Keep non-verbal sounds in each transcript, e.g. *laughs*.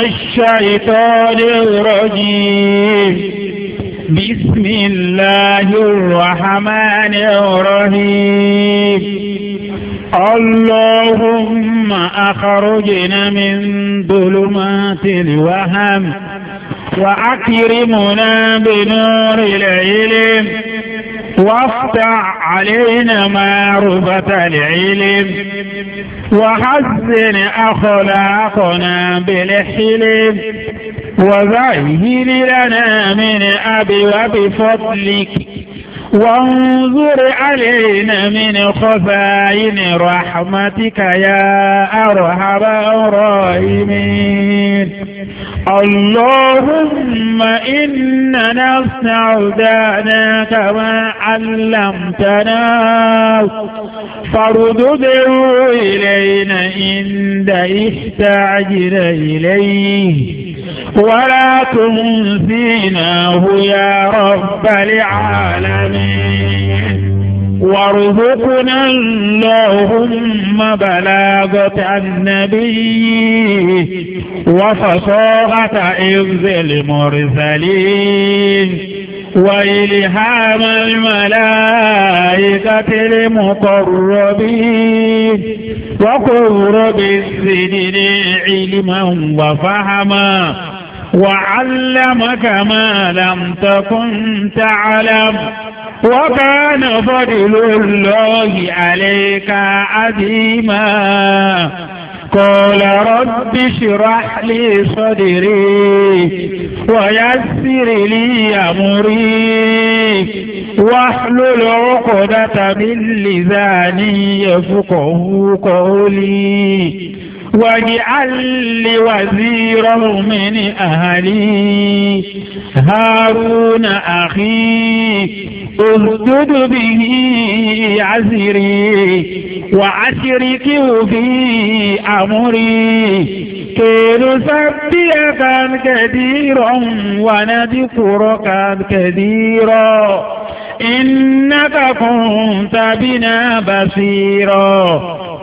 الشيطان الرجيم بسم الله الرحمن الرحيم اللهم أخرجنا من ظلمات الوهم وأكرمنا بنور العلم وافتع علينا معرفة العلم وحسن أخلاقنا بالحلم وزين لنا من أبي وبفضلك وانظر علينا من خفاين رحمتك يا أرحم الراحمين اللهم إنا استودعناك ما علمتنا فارده إلينا إن احتاجنا إليه ولا تنسيناه يا رب العالمين وارزقنا اللهم بلاغة النبي وفصاغة إذ المرسلين وإلهام الملائكة المقربين وقرب السنين علما وفهما وعلمك ما لم تكن تعلم وكان فضل الله عليك عظيما قال رب اشرح لي صدري ويسر لي أمري واحلل عقدة من لذاني يفقه قولي واجعل لي وزيرا من أهلي هارون أخي اسجد به عزري وعشرك في أمري كي نسبحك كثيرا ونذكرك كثيرا إنك كنت بنا بصيرا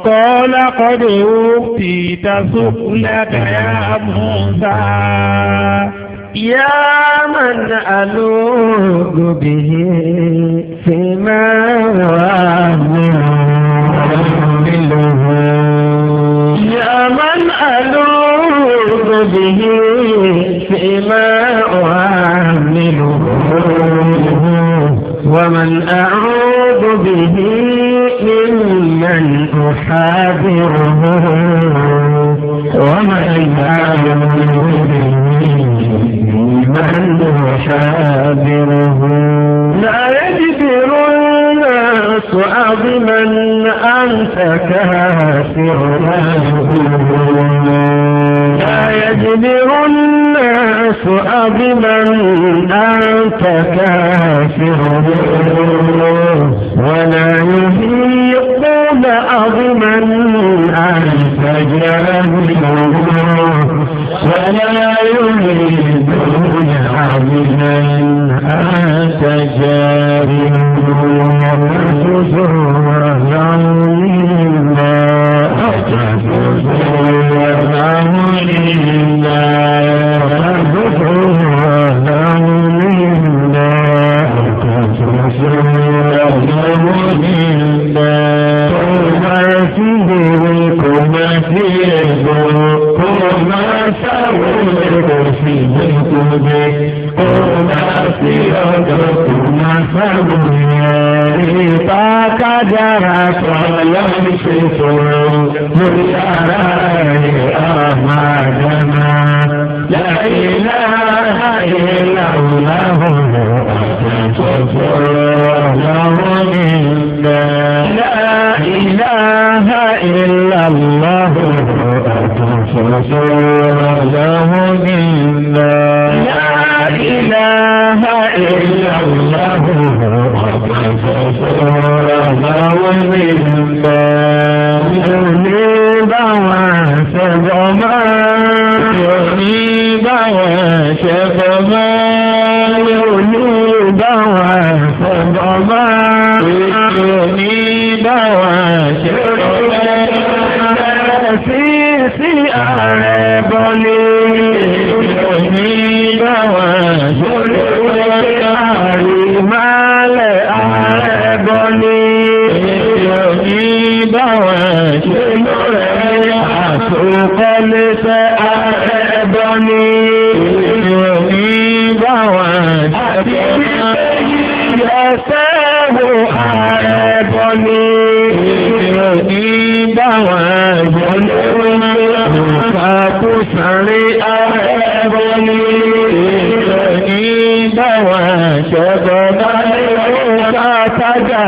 قال قد أوتيت سؤلك يا موسى يا من ألوذ به فيما وأعمله يا من ألوذ به فيما أعمله ومن أعوذ به ممن أحاذره ومن أعوذ به ممن أحاذره لا يجبر الناس عظما أنت كافر لا يجبر الناس الناس أظلم أنت كافر ولا يهيقون أظما أنت جاهل ولا يهيقون أظما أنت جاهل ولا يهيقون أظما ربكما فابنيا فكدر فيمسكه بالشرائع أمامنا لا إله إلا الله له منا لا إله إلا الله أتفضل له ọ̀rọ̀ àwọn ìwé ìlú ń bẹ́ẹ̀.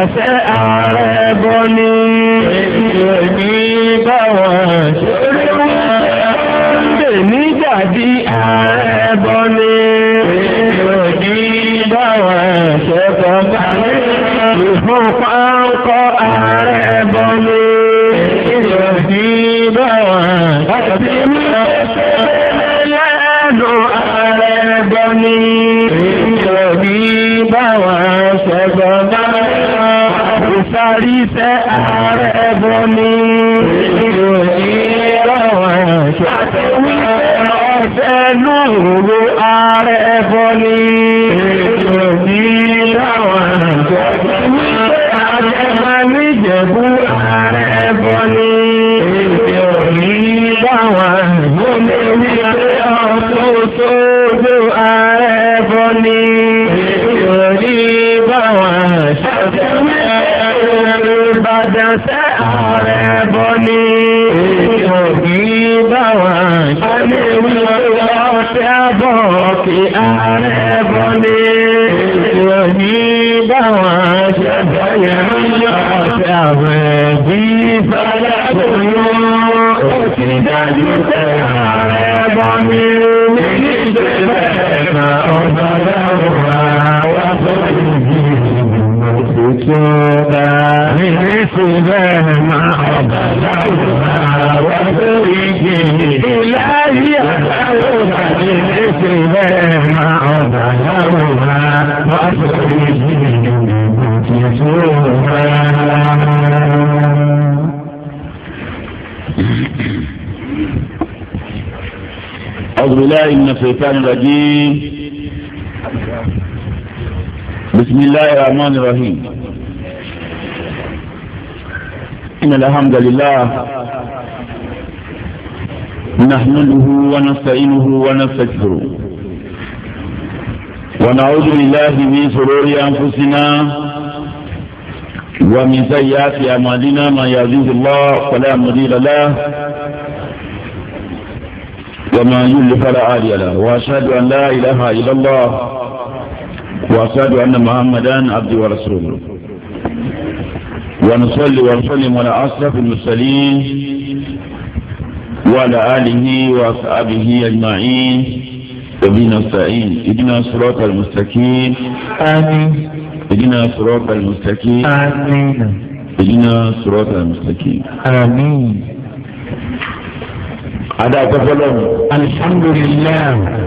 àṣẹ ààrẹ bọ́ ní. parí iṣẹ́ ààrẹ ẹ̀bùn ni. ìlú ìlọ́wọ́ ṣe àti wípé ọ̀fẹ́ lóòrò. سبحان ربنا وبرجه إلهي أسألك من اسمه ما أظهرها وأخرجه أعوذ بالله من الشيطان الرجيم بسم الله الرحمن الرحيم إن الحمد لله نحمده ونستعينه ونستغفره ونعوذ بالله من شرور أنفسنا ومن سيئات أعمالنا ما يهديه الله فلا مضل له وما يضلل فلا هادي له وأشهد أن لا إله إلا الله وأشهد أن محمدا عبده ورسوله ونصلي ونسلم على أشرف المرسلين وعلى آله وأصحابه أجمعين وبنا نستعين اهدنا الصراط المستقيم آمين اهدنا الصراط المستقيم آمين اهدنا الصراط المستقيم آمين أدا تفلون الحمد لله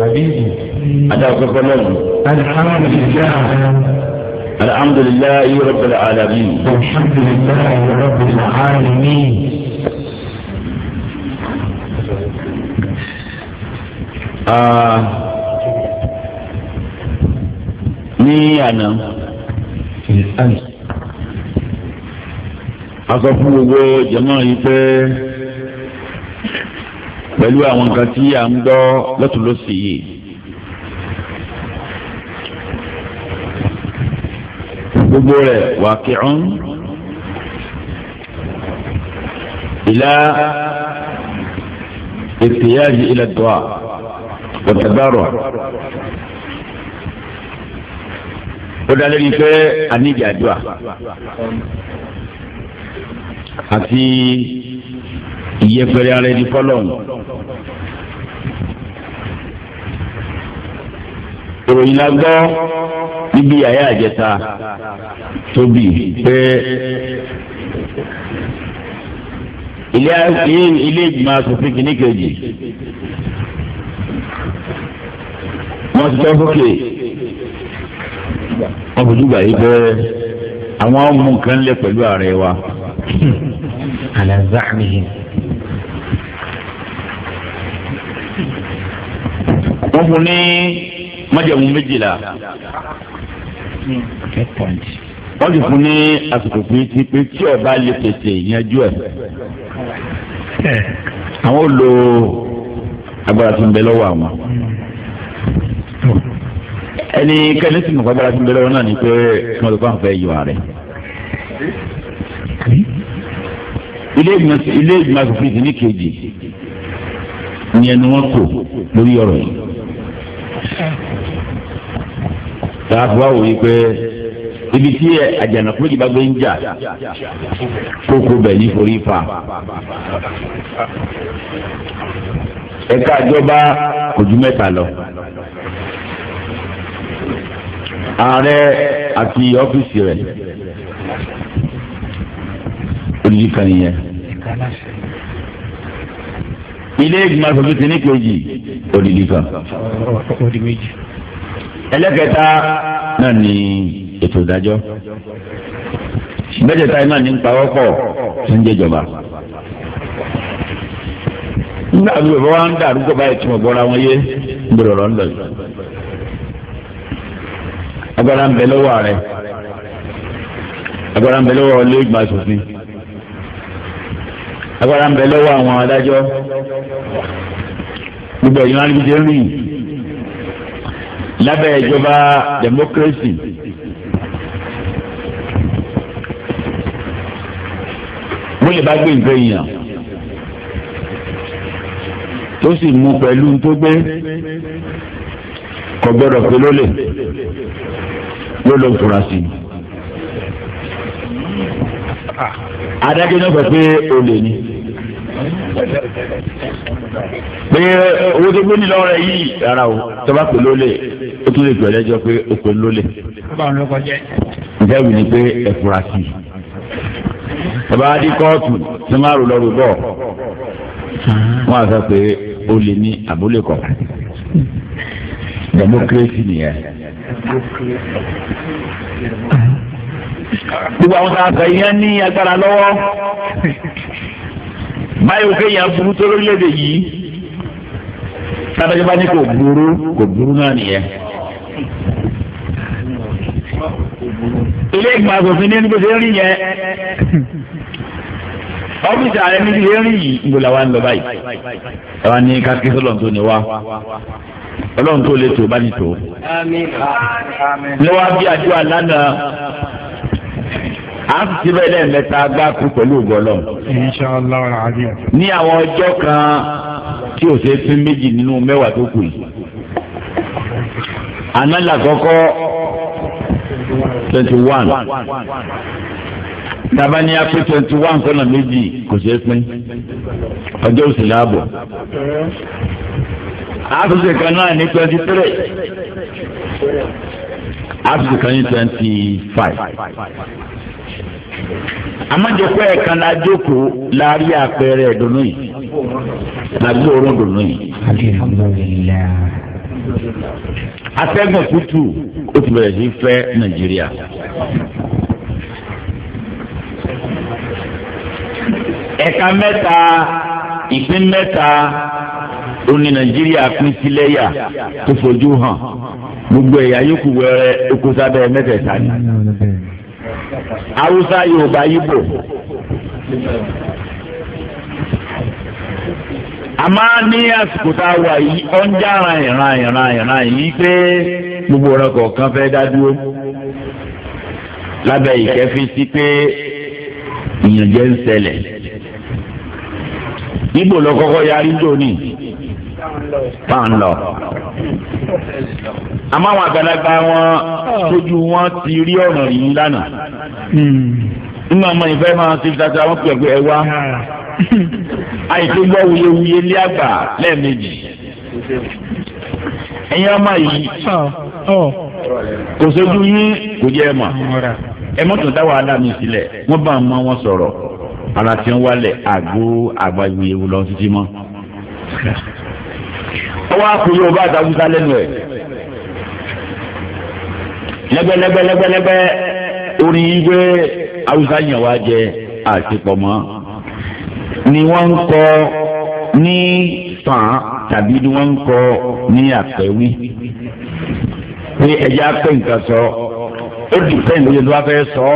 حبيبي أدا تفلون الحمد لله الحمد لله رب العالمين الحمد لله رب العالمين آه ní àná a sọ fún gbogbo jẹmọ yìí pé pẹ̀lú àwọn nǹkan tí à ń gbọ́ lọ́tùlọ́sì yìí gbogbo rẹ̀ waqi'un ila ihtiyaji ila du'a wa tadarru' ó dá lórí pé a níbi àti ìyẹ́fẹ́rẹ́ ara ẹni fọ́lọ́ọ̀nù. ìròyìn la gbọ́ níbi àyà àjẹta tóbi pé ilé ilé ìgbìmọ̀ asòfin kìíní kejì wọ́n ti tọ́ sókè wọ́n fojú gbà yí pé àwọn ọmọ nǹkan lé pẹ̀lú ààrẹ wa. wọ́n fún ní májẹ̀mú méjìlá wọ́n ti fún ní àsìkò péńtì pé tí ọba lè tètè yanjú ẹ̀ àwọn ò lo agbára tó ń bẹ lọ́wọ́ àwọn ẹni kẹ́lẹ́ tí mo fẹ́ agbára tó ń bẹ lọ́wọ́ náà ni pé kí wọ́n tó fà ń fẹ́ yọ ààrẹ ilé ìgbìmọ̀ ilé ìgbìmọ̀ asòfin ti ní kejì ìyẹn ni wọ́n kò lórí ọ̀rọ̀ yìí. tààfù àwọn yìí ibi tí àjànàkú méjì bá gbé ń jà kókó bẹ̀ ní forí fa. ẹ̀ka kò ju mẹ́ta lọ. ààrẹ àti ọ́fíìsì rẹ̀ olùdíkan nìyẹn. ilé ìgbìmọ̀ aṣojú ti ní kejì odidi kan. ẹlẹ́kẹta náà ni ètò ìdájọ́ mẹ́tẹ̀ẹ̀ta náà ní pawọ́pọ̀ tó ń jẹjọba. nígbà tó bẹ̀ wá ń dàrú kó báyìí tí mo bọ́ra wọn yé ń gbọdọ̀ lọ́n lọ yìí. agbára ń bẹ lọ́wọ́ rẹ̀ agbára ń bẹ lọ́wọ́ ilé ìgbìmọ̀ aṣòfin agbára ń bẹ lọ́wọ́ àwọn adájọ́ gbogbo ẹ̀yìn wọn ti rìn lábẹ́ ìjọba democracy. wọ́n lè bá gbé nǹkan èèyàn tó sì mú pẹ̀lú tó gbé kò gbọ́dọ̀ pé lólè ló lọ sí i adájọ́ náà fẹ́ pé olè ni pé owó tó gbé ní lọ́wọ́ rẹ̀ yìí rárá o tọ́ba pè lólè ó tún lè gbọ́ lẹ́jọ́ pé ó pè lólè. ìjẹ́wìí ni pé ẹ̀fúra sí i tọ́ba adé kóòtù tí wọ́n á rò lọ́rùn bọ̀ wọ́n á sọ pé olè ní àbúlé kọ̀ democracy nìyẹn gbogbo àwọn tá a fẹ́ yẹn ní agbára lọ́wọ́ báyìí òkè yẹn burú tó lórílẹ̀‐èdè yìí tábàjọba ní kò burú kò burú náà nìyẹn. ilé ìgbà àgbòfin ní ẹni bó ṣe ń rí yẹn ọ́fíìsì ààrẹ níbi eré yìí ìbò làwa ń lọ báyìí àwa ní kákí sọlọ́n tó ní wa ọlọ́run tó lè tó bá ní tó. ní wàá bí àdúrà lánàá a sì ti bẹ́ẹ̀ lẹ́ẹ̀mẹ́ta gbáko pẹ̀lú ògbọ́lọ́. Inshallah alazim. ní àwọn ọjọ́ kan tí ò ṣe fún méjì nínú mẹ́wàá tó kù yìí. àná làkọ́kọ́ twenty one taba ni twenty one kọ́nà méjì kò ṣe é pín ọjọ́ òsì láàbọ̀ àtúnṣe kan náà ní twenty three àtúnṣe kan ní twenty five amájọpọ̀ ẹ̀kan la jókòó la rí àpẹẹrẹ ìdùnnú yìí la gbóòórùn ìdùnnú yìí. atẹ́gùn o ó ti bẹ̀rẹ̀ sí fẹ́ nàìjíríà. ẹ̀ka mẹ́ta ìpín mẹ́ta ó ní nàìjíríà pín sílẹ̀ yà tó fojú hàn gbogbo ẹ̀yà yòókù wẹ̀rẹ̀ ó kó sábẹ́ mẹ́tẹ̀ẹ̀ta haúsá yorùbá yíbò àmọ́ ní àsìkò tá a wà yìí ó ń já ràn ìran ìran yìí pé gbogbo ọ̀rọ̀ kọ̀ọ̀kan fẹ́ dá dúró lábẹ́ ìkẹ́fí sí pé ìyànjẹ ń ṣẹlẹ̀ ibo lọ kọ́kọ́ yarí lónìí wọ́n ń lọ. àmọ́ àwọn àgbàlagbà wọn tójú wọn ti rí ọ̀nà yìí lánàá. Hmm. nínú ọmọ ìfẹ́ máa ti fi tata wọn pẹ̀lú ẹ wá. *laughs* àìsí gbọ́ wuyewuye lé àgbà lẹ́ẹ̀mejì. ẹ̀yin ọmọ yìí oh, oh. kò sójú yín kò jẹ́ ẹ̀ mọ̀ ẹ mọ̀tò dá wàhálà mi sílẹ̀ wọ́n bá ọmọ wọn sọ̀rọ̀ ara tí ń wálẹ̀ àgbo àgbà ìwé lọ títí mọ́ ọwọ́ àpò yóò bá àtàwùsá lẹ́nu ẹ̀ lẹ́gbẹ́lẹ́gbẹ́lẹ́gbẹ́ orin yìí gbé haúsá yàn wá jẹ àtìpọ̀mọ́ ni wọ́n ń kọ ní sàn tàbí ni wọ́n ń kọ ní àpẹ́wí pé ẹ̀jẹ̀ apẹ́ nǹkan sọ ó dì fẹ́ẹ̀ lóye ló wá fẹ́ sọ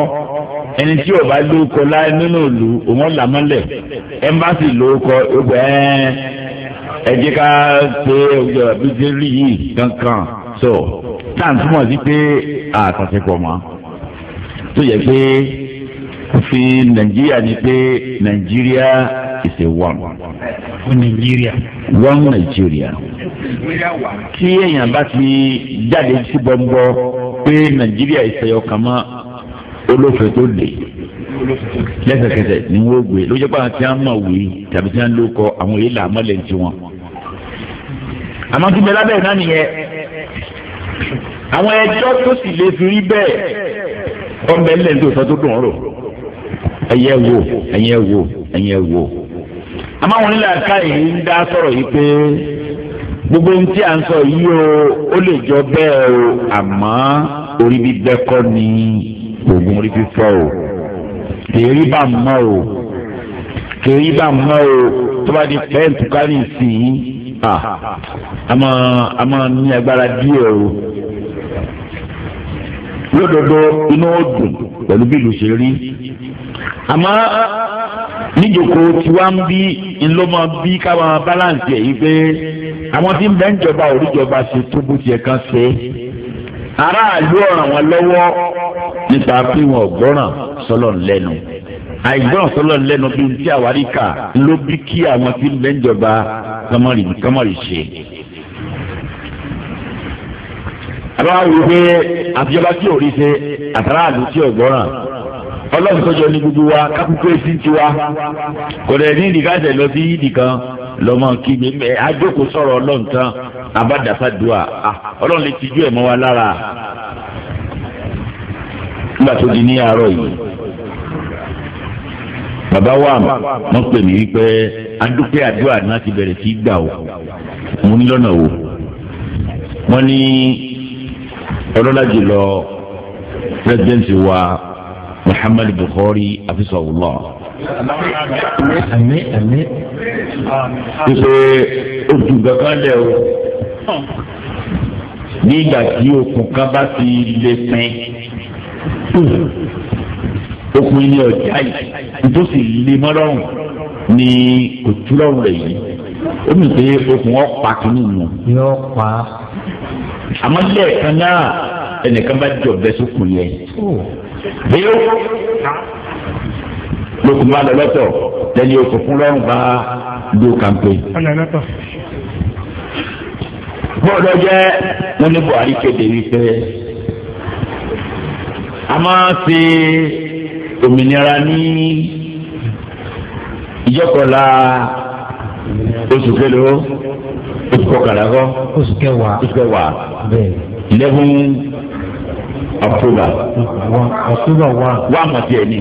ẹni tí ò bá lóko láì nínú ìlú òun làmọ́lẹ̀ ẹ̀ ń bá sì lóko ó gbẹ́ ẹ jẹ́ ká pé ọjọ́ àbíjẹ́rì yìí kankan so táà ń túmọ̀ sí pé àkànṣepọ̀ mọ́ tó yẹ pé fi nàìjíríà ni pé nàìjíríà is a one. nàìjíríà. one nàìjíríà. tí èèyàn bá ti jáde sí bọ́ńbọ́ pé nàìjíríà ìṣẹ̀yọ̀ kan mọ́ olófẹ́ tó lè lẹ́sẹ̀kẹsẹ̀ ni wọ́n gbé ló jẹ́ pé àwọn tí wọ́n mọ̀ wí tàbí tí wọ́n ló kọ àwọn èyí là mọ́lẹ̀ ti wọn. àmọ́ tí bẹ́ẹ̀ lábẹ́ náà nìyẹn àwọn ẹjọ́ tó sì lè fi rí bẹ́ẹ̀ ọ̀bẹ ńlẹ̀ tó sọ tó dùn ọ̀rọ̀ ẹ̀yẹ wo ẹ̀yẹ wo ẹ̀yẹ wo. àmọ́ àwọn onílẹ̀ àká yìí ń dá sọ̀rọ̀ yìí pé gbogbo ohun tí à ń sọ yìí o ó lè jọ bẹ́ẹ̀ o àmọ́ orí bíbẹ́ kọ́ ni oògùn orí fífọ́ o kèrí bá mọ́ o kèrí bá mọ́ o tó bá di pẹ́ǹtù kárì sí i àmọ́ àmọ́ ní agbára díẹ̀ o lódodo inú ó dùn pẹ̀lú bí ìlú ṣe rí àmọ́ níjókòó tiwa ń bí ńlọmọ bí káwọn balance yẹ yí pé àwọn tí ń bẹ́ ń jọba òríjọba ṣe tó bó tiẹ̀ kan ṣe é aráàlú ọ̀ràn wọn lọ́wọ́ nípa pé wọn ò gbọ́ràn sọ́lọ̀ lẹ́nu àìgbọ́ràn sọ́lọ̀ lẹ́nu bí ti àwárí kà ló bí kí àwọn tí ń bẹ́ ń jọba kọ́mọ̀rì kọ́mọ̀rì ṣe. àbáwá wí pé àfijọba tí ò rí ṣe àtàràlù tí ò gbọ́ràn ọlọ́run tọ́jọ́ ní gbogbo wa kákúkú èsì ti wa kò dẹ̀ ní ìdíkàtẹ̀ lọ sí ìdí kan lọ́mọ kí gbẹ̀mẹ̀ àjókòó sọ̀rọ̀ ọlọ́run tán abádàfà dùà ọlọ́run lè tijú ẹ̀ mọ́ wa lára nígbà tó di ní àárọ̀ yìí bàbá wa wọ́n pè mí wípé adúpẹ́ àdúrà náà ti bẹ̀rẹ̀ sí gbà o mo ní lọ́nà o wọ́n ní ọlọ́lá jùlọ pírẹsidẹ́ǹtì wa Muhammad Buhari afisahullah wípé ojú gàgán lẹ o ní ìgbà tí okùn kan bá ti lè pin okùn ilé ọjà yìí nítòsí lè mọ́ lọ́rùn ní òtúlọ́rùn rẹ̀ yìí ó mì pé okùn ọ̀pá kìíní nù. yóò pa. àmọ́ lẹ́ẹ̀kan náà ẹnìkan bá jọ bẹ́ẹ̀ sókùn yẹn. bẹ́ẹ̀ ó lókùn bá lọ lọ́tọ̀ lẹ́ni okùn fún lọ́rùn bá dó kàńpé bọ́ọ̀dọ̀ jẹ́ wọn ní Buhari kéde wípé a máa ṣe òmìnira ní ìjọkọ̀la oṣù kẹlẹ́wọ́ oṣù kọkànlá kọ́ oṣù kẹwàá oṣù kẹwàá eleven october october one one mọ̀tí ẹ̀ ní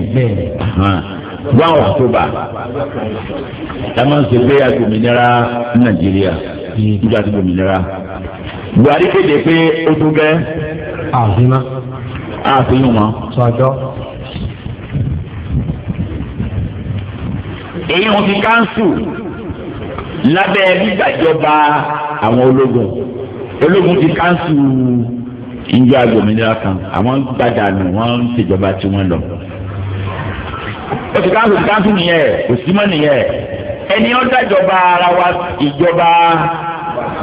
one october la máa ń ṣe pé àgbòmìnira Nàìjíríà nígbà tí gbòmìnira. Buhari kéde pé ó tún gẹ́. àfihàn. àfihàn wọn. sọjọ́. èyí wọn fi káńsù lábẹ́ gbígbàjọba àwọn ológun ológun ti káńsù ìjọ agbòmìnira kan àwọn gbàdánù wọn ń ṣèjọba tí wọn lọ. ó ti káńsù káńsù nìyẹn kò sí nìyẹn ẹni ó dájọba ara wa ìjọba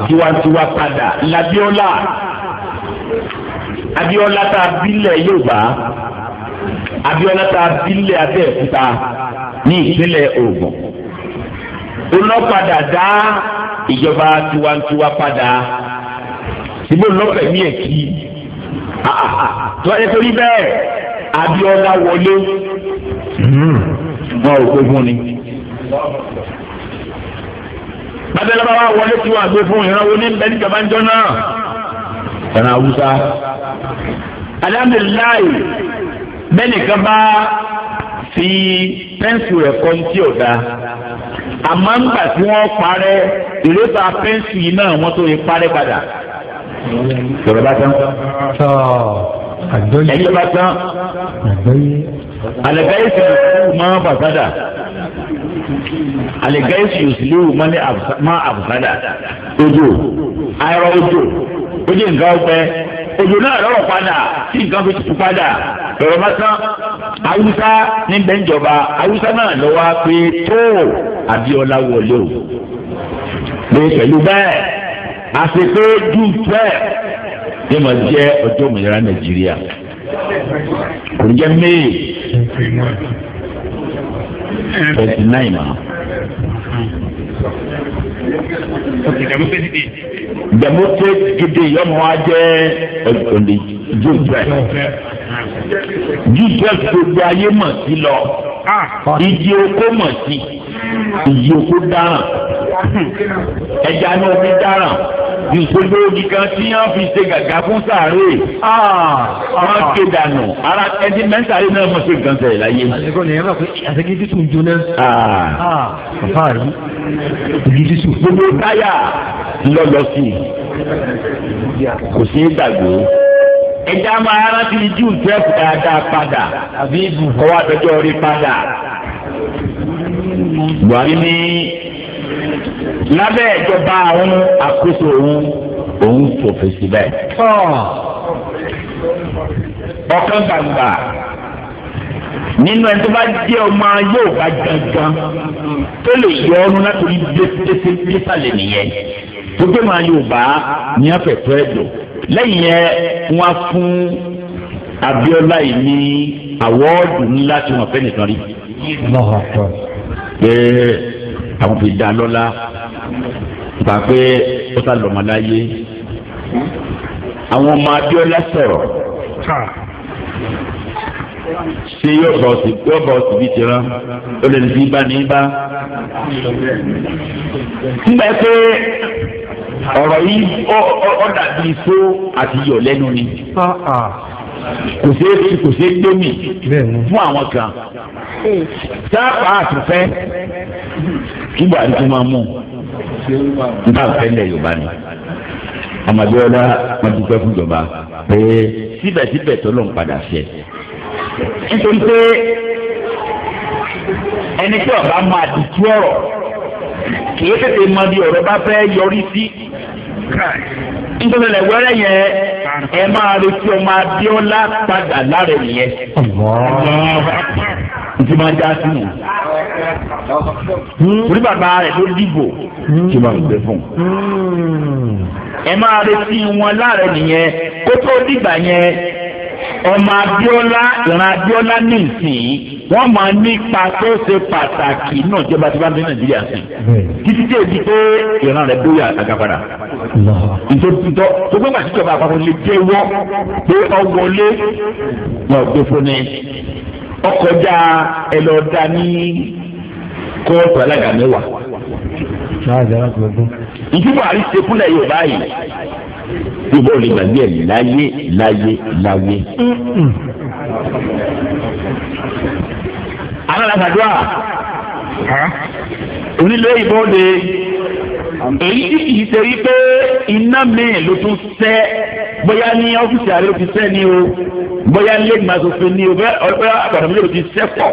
tiwantiwa padà labiola abiola ta abilẹ̀ yorùbá abiola ta abilẹ̀ abẹ́ẹ̀kúta ní ìpínlẹ̀ Ògùn olọ́padà dá ìjọba tiwantiwa padà síbò lọ́pẹ̀ mí èkì tó ẹ torí bẹ́ẹ̀ abiola wọlé hmm. wọn ò gbógun ni abẹ́lẹ́bá wa wọlé tí wọ́n àgbẹ̀ fún ìran oní bẹ́ẹ̀ níjọba ń jọ náà ẹ̀ràn awúsá. alhamdulilayi bẹ́ẹ̀ nìkan bá fi pẹ́ǹsì rẹ̀ kọ́ ní tí ò da àmọ́ ńgbà tí wọ́n parẹ́ ìrẹ́ta pẹ́ǹsì náà wọ́n tó yẹ parẹ́ padà. sọ̀rọ̀ bá tán. ẹ̀yin bá tán. alẹ́ bẹ́ẹ̀ sì kú mọ́ bàtàdà. àlẹ́gáyèsí yòsùlẹ́wò má àbùkádà ojú ayọ̀rọ̀ ojú ojú nǹkan ọ̀pẹ ojú náà lọ́rọ̀ padà tí nǹkan fi tutù padà lọ́rọ̀ mọ́sán awúsá ní bẹ́ńjọba awúsá náà lọ wá pé tó abiola wọlé o pé pẹ̀lú bẹ́ẹ̀ àṣepé ju bẹ́ẹ̀ ní ma jẹ́ ọjọ́ òmìnira nàìjíríà kò ní jẹ́ twenty nine ma. democrate gidi yọmọ ajẹ ọdọdẹ june twelve june twelve gbogbo ayé mọ̀ sí lọ ah. ìdí oko mọ̀ sí ìdí oko dáràn ẹja ní omi dáràn nítorí ogi kan tí wọ́n fi ṣe gàgà fún sàárè ah, wọ́n ah. ké dànù ara ẹni mẹ́tàlí náà mọ̀ sí nǹkan sẹ̀rẹ̀ láyé. àtẹ̀kọ́ ni ẹ bá pé àtẹ̀kí títù ń jóná. Ah. bàbá rí ìdí títù. gbogbo táyà lọ́lọ́ sí i kò sí é dàgbé ẹja máa rántí júù twelve dáadáa padà kọ́ wa tọjọ́ rí padà. Buhari ní lábẹ́ ìjọba àwọn àkóso òun òun fòfin síbẹ̀. ọ̀kan gbàgbà nínú ẹni tó bá jẹ́ ọmọ yóò bá gangan tó lè yọ ọ́nú látòrí désàlẹ̀ nìyẹn gbogbo máa yóò bá ní afẹ́fẹ́ ẹ̀dọ̀ lẹ́yìn yẹn wọ́n fún Abíọ́lá yìí ní àwọ́ọ̀dù ńlá tí wọ́n fẹ́ nìkan rí. àwọn fi dá lọ́lá gbà pé ó ta lọ́mọláyé àwọn ọmọ Abíọ́lá sọ̀rọ̀ ṣe yóò bọ̀ sí yóò bọ̀ sí bíi tìrán ó lè ní bá ní bá. nígbà pé ọ̀rọ̀ yìí ó dàbí iṣó àti iyọ̀ lẹ́nu ni kò ṣeé fi kò ṣeé gbé mi fún àwọn kan sáà pààtù kí Buhari tó máa mú un nípa àfẹ́lẹ̀ yorùbá ni amadiola wọn dúpẹ́ fún ìjọba pé síbẹ̀síbẹ̀ tó ló ń padà fẹ́ nítorí pé ẹni tí ọba máa dùtú ọ̀rọ̀ kìí tètè mọ bí ọ̀rọ̀ bá fẹ́ yọrí sí nítorí ẹ̀wẹ́rẹ́ yẹn ẹ máa retí ọmọ adiola padà lára ẹ̀ nìyẹn ntí máa já sí mi. Hmm. orí bàbá rẹ̀ ló dìbò tí máa ń gbé fún. Hmm. ẹ máa retí wọn láàrẹ nìyẹn kó tó dìgbà yẹn ọmọ Abíọ́lá ìran Abíọ́lá ní ìsìn wọn máa ní ipa tó ṣe pàtàkì náà jọba tí wọn bí Nàìjíríà sí hmm. títí tí èyí pé ìran rẹ bóyá àgàpadà ìtòtítọ tó gbọgbà tíjọba àpapọ̀ lè jẹ́wọ́ pé ọwọ́lé lọ́ọ́ gbé fún ni ọkọjá ẹlọ́dà ní kóòtù alága mẹ́wàá. ìdí buhari ṣe fúnlẹ̀ yorùbá yìí yorùbá ò lè gbàgbé ẹ̀ láyé láyé láyé. àwọn alásàdúrà onílé ìbọn de èyí tí kì í ṣe wípé iná mi ló tún sẹ́ bóyá ní ọ́fíìsì ààrẹ ti sẹ́ ni o bóyá ní lẹ́gbẹ̀ẹ́ asòfin ni o bóyá àgbàdo mi ti sẹ́ pọ̀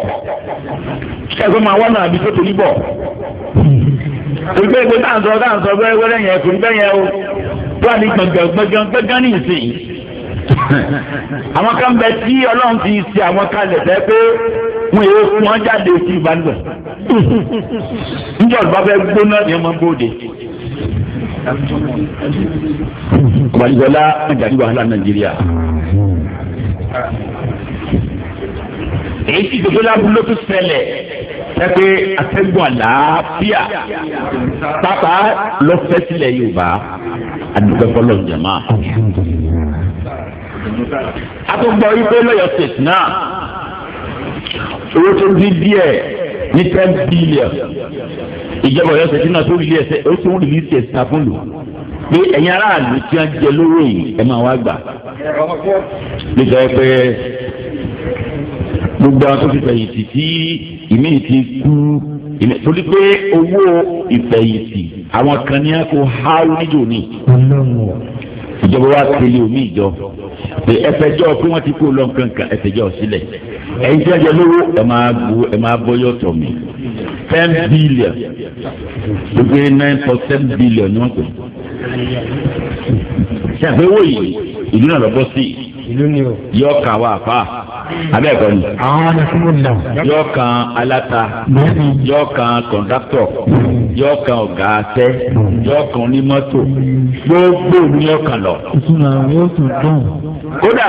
kẹ́kọ̀ọ́ máa wọ́n náà bí tó torí bọ̀ olùgbẹ́gbẹ́ náà sọ náà sọ wẹ́rẹ́wẹ́rẹ́ yẹn kò ní bẹ́ẹ̀ yẹn o tó àní gbọ̀ngàn gbọ̀ngàn gbọ̀ngàn ní ìsìn àwọn kan bẹ tí ọlọ́run ti ṣe àwọn kalẹ̀ fẹ́ pé wọn èé fún wọn jáde sí ìbánidọ̀ níjọba fẹ́ gbóná ni wọn bóde ọbàdìgbọ́lá ọjàdì wàhálà nàìjíríà. èyí sì dodo lábúlé tó ṣẹlẹ̀ ẹgbẹ́ atẹ́gùn àlàáfíà pápá lọ́fẹ̀sílẹ̀ yorùbá àdúgbẹ́fọ́lọ́ jẹ̀má. atúgbọ́ ibẹ̀ lọ́yọ̀ state náà owó tó ń di díẹ̀ ní ten billion ìjọba ọ̀yọ́ ṣe sínú àtúrò ilé ẹsẹ̀ ó sì ń rìlíìsì ẹ̀sìn àfúnlù pé ẹ̀yin aráàlú tí wọ́n jẹ lówó yìí ẹ máa wá gbà. nítorí pé gbogbo àwọn tó ti fẹ̀yìntì tí ìmí ti kú torí pé owó ìfẹ̀yìntì àwọn kan ní kó há níjò ní. ìjọba wa tẹ̀lé omi ìjọ pé ẹfẹjọ́ pé wọ́n ti kó lọ́nkànkàn ẹfẹjọ́ sílẹ̀ ẹ̀yin tí wọ́n jẹ lówó ẹ máa bu ẹ máa bọ́yọ̀ tọ̀ mí ten billion gbogbo nine point seven billion ni wọ́n pè ṣe àgbéwò yìí ìlú náà lọ́bọ̀ sí yọ kan wà fà abẹ́ ẹ̀kọ́ ni yọ kan aláta yọ kan kọ̀ńdáktọ̀ yọ kan ọ̀gá atẹ́ yọ kan onímọ́tò gbogbo ni yọ kan lọ. kódà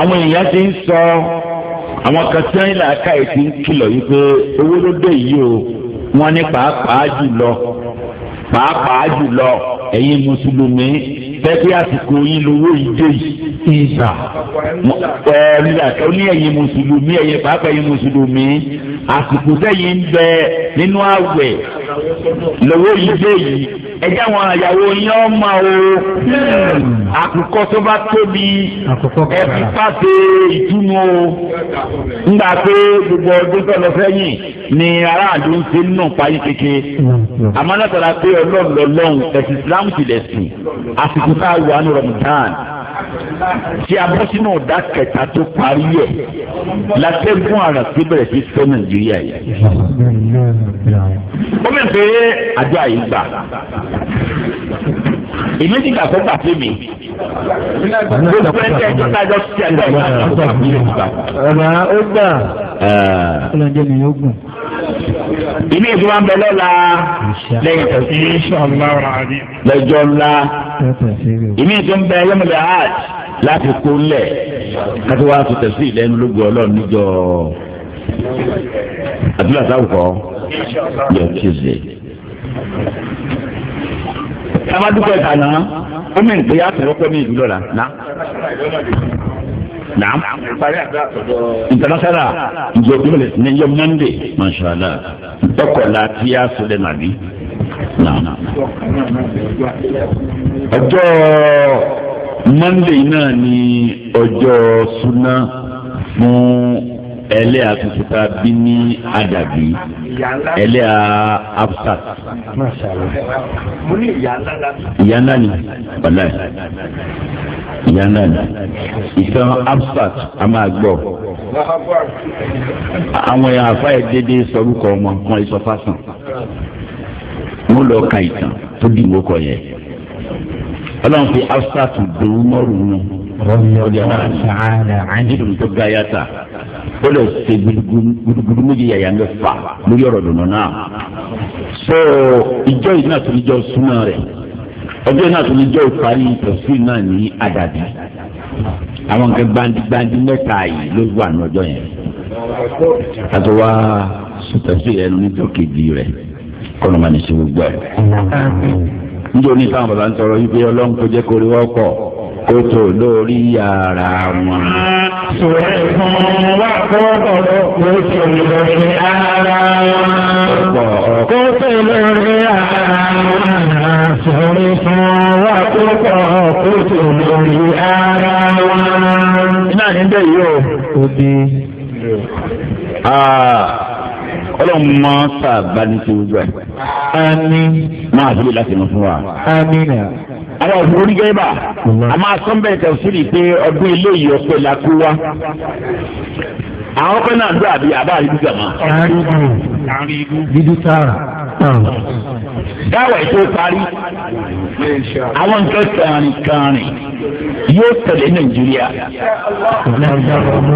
àwọn èèyàn ti ń sọ àwọn kan tí wọn là ká ètí ń kìlọ̀ yìí pé owó ló dé yìí o wọn ní pàápàá jùlọ pàápàá jùlọ ẹ̀yin mùsùlùmí fẹ́ẹ́ àsìkò yín lówó ìdè ìgbà ẹ̀ẹ́dà tó ní ẹ̀yin mùsùlùmí ẹ̀yin pàápàá ẹ̀yin mùsùlùmí àsìkò tẹ̀yìn ń bẹ nínú àwẹ̀ lówó ìdè yìí ẹjẹ àwọn àyàwó yín ọmọ o àkùkọ tó bá tóbi ẹfi pàṣẹ ìtùnú o ńgbà pé gbogbo ọdún tó lọ sẹ́yìn ni aráàlú ń ṣe nínú páyé kékeré àmọ́ látara pé ọlọ́run lọ́lọ́run ẹ̀sìn islam ti lẹ̀ sìn àsìkò tá a wà ní rọ̀mùdán tí a bọ́ sínú ọ̀dà kẹta tó parí yẹ látẹ́gùn ara tó bẹ̀rẹ̀ sí fẹ́ nàìjíríà yẹ. ó mẹ́ pé àyè gbà èmi ti gbàgbọ́ gbà fún mi. gbogbo ẹgbẹ́ ẹjọ́ tájọ́ sí ẹgbẹ́ ìgbàgbọ́ fún mi. ọ̀rọ̀ ó gbà. ọlọ́jọ́ ni yóò gùn. ilé ìtura ń bẹ lọ́la lẹ́yìn tẹ̀sí lẹ́jọ́ ńlá ilé ìtura ń bẹ yẹ́mọ̀lẹ́ hajj láti kó lẹ̀ láti wá tó tẹ̀sí ìlẹ́nu lógo ọlọ́run níjọ àdúrà sáwùkọ́ yọ̀ tíì sábàdúgbò ẹ̀ka náà ó mẹ́rin pé yàtọ̀ lọ́pọ̀ ní ìlú lọ́la náà. Naam. International Njogumele ni yom nande. Masha Allah. Tọkọ̀la tí a sọlẹ̀ nàbí. Naam. Ọjọ́ Mọ́ndé náà ni ọjọ́ Súná fún ẹlẹ́yà tuntun ta bí ní àdàbí ẹlẹ́yà absat. ìyá ńlá ni ọ̀la ẹ̀ ìyá ńlá ni ìtàn absat a máa gbọ́. àwọn ẹ̀yà àfáà dédé sọrúkọ ọmọ wọn ìsọfásán mo lọ ka ìtàn tó dìbò kọ yẹ ọlọ́run fi absat dòwú mọ́rùn-ún nítorí tó ga yàtà ó lè ṣe gudugudu méjì yàyà mẹ́fà lórí ọ̀rọ̀ dùnú náà so ìjọ yìí náà tún ìjọ súnmọ́ rẹ̀ ọjọ́ yìí náà tún ìjọ ìparí ìtọ̀sí náà ní àdàbí àwọn nǹkan gbandigbandi mẹ́ta yìí ló wà ní ọjọ́ yẹn àti wá sùtẹ̀sí ẹnu níjọ́ kejì rẹ̀ kọ́nà máa ní ṣe gbogbo ẹ̀. níjọ́ ní sáwọn bàbá ń sọ̀rọ̀ yìí pé ọlọ́run kò jẹ́ kórè wọ́pọ̀ kó tó lórí ara wọn. Sùwẹ̀kùn wà kó kó tó lórí Kó tó lórí ara ah, wọn. Iná ní bẹ́ẹ̀ yóò ó di. Ọlọ́mọ sábà ní ti gbẹ. Àmín. Máa fi láti mọ fún wa. Àmín náà àwọn òfin onígẹ́bà a máa sọ bẹ́ẹ̀ tẹ̀síìrì pé ọdún ilé yìí ọ̀pẹ la kú wá. àwọn ọpẹ náà dúró àbí àbá àrídú gàmá. dídú sára. dáwọ̀ ètò parí àwọn nǹkan kàrin kàrin yóò tẹ̀lé nàìjíríà.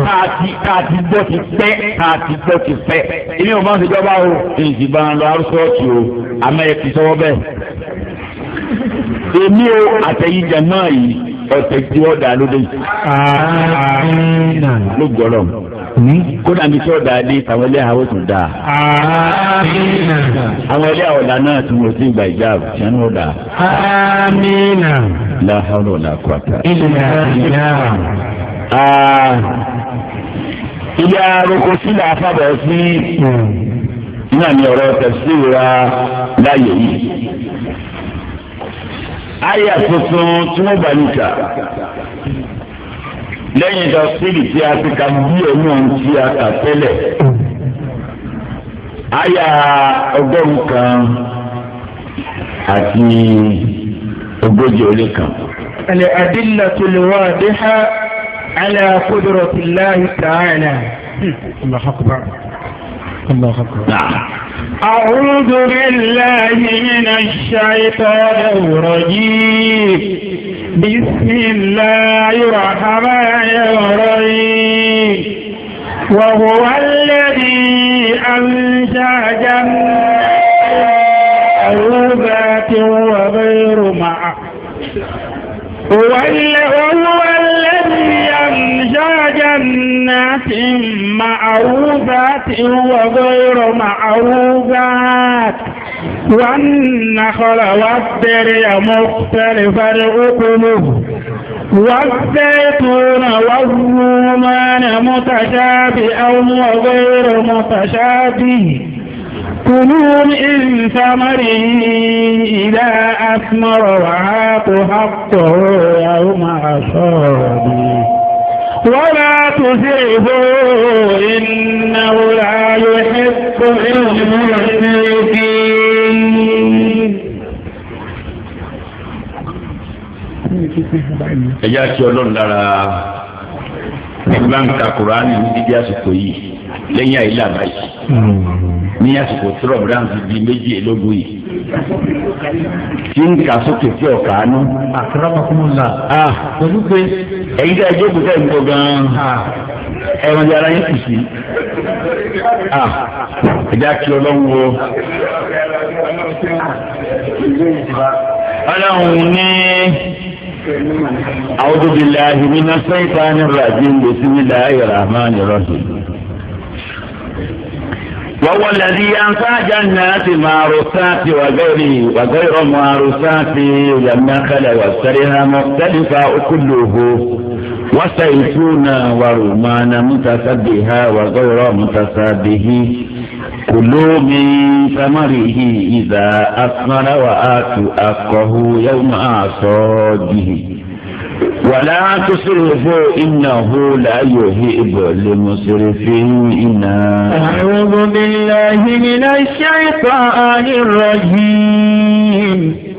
káàtì káàtì gbọ́ ti pẹ́ káàtì gbọ́ ti pẹ́. ilé ìwọ̀n máa ń ṣèjọba o èyí ti bá ń lọ arúgbó ọ̀tún o amẹ́yẹ ti sọ́wọ́ bẹ́ẹ̀ èmi o àtẹ̀yìn jàmá yìí ọ̀tẹ̀ tí wọ́n dà lóde. ló gbọ́dọ̀ hmm? kódà mi tí wọ́n dà dé àwọn ilé àwọn tún dà. àwọn ilé àwọn ọ̀dà náà tún lọ sí ìgbà ìjà tí wọ́n dà. láhàrọ̀ làkúrọ̀tà. ilé aroko sílẹ̀ afábọ̀ sí hmm. náà ni ọ̀rọ̀ tẹ̀síwìrà láàyè yìí àyà tuntun tí wọ́n bá níta lẹ́yìn tafsiri tí a ti ka bí ẹnu ohun tí a kà tẹ́lẹ̀ àyà ọgọ́rùn kan àti ogójì ó lé kan. الأدلة الواضحة على قدرة الله تعالى الله أكبر الله نعم. أعوذ بالله من الشيطان الرجيم بسم الله الرحمن الرحيم وهو الذي أنشأ جنات وغير معه هو جنات معروفات وغير معروفات والنخل والدر مختلف الأكله والزيتون والرومان متشابها وغير متشابه كلوا من ثمره إذا أثمر وعاق حقه يوم حصاده ولا تزعبوا إنه لا يحب المعتدين ẹjá tí ọlọ́run lára nígbà ń ka kuraani ní dídí àsìkò yìí lẹ́yìn àyílà báyìí ní àsìkò trump ráǹtì di méjì èlógún yìí tí ń sókè tí ọ̀kaánú. àkàrà ọkùnrin ah. náà pẹ̀lú pé èyí tí a jókòó sẹ́yìn gbọ́ gan-an ẹ̀rọ ti ara yín kù sí ẹ̀já kí ọlọ́run wo. ọlọ́run ní a'udhu billahi minash shaitani rrajim bismillahir rahmanir rahim. وهو الذي أنفى جنات معروسات وغير وغير معروسات لما خلق واسترها مختلفة كله وسيفونا ورمان متسبها وغير متسابه كلوا من ثمره إذا أثمر وآتوا أفقه يوم آصاده ولا تسرفوا إنه لا يهيب لمسرفين إنا أعوذ بالله من الشيطان الرجيم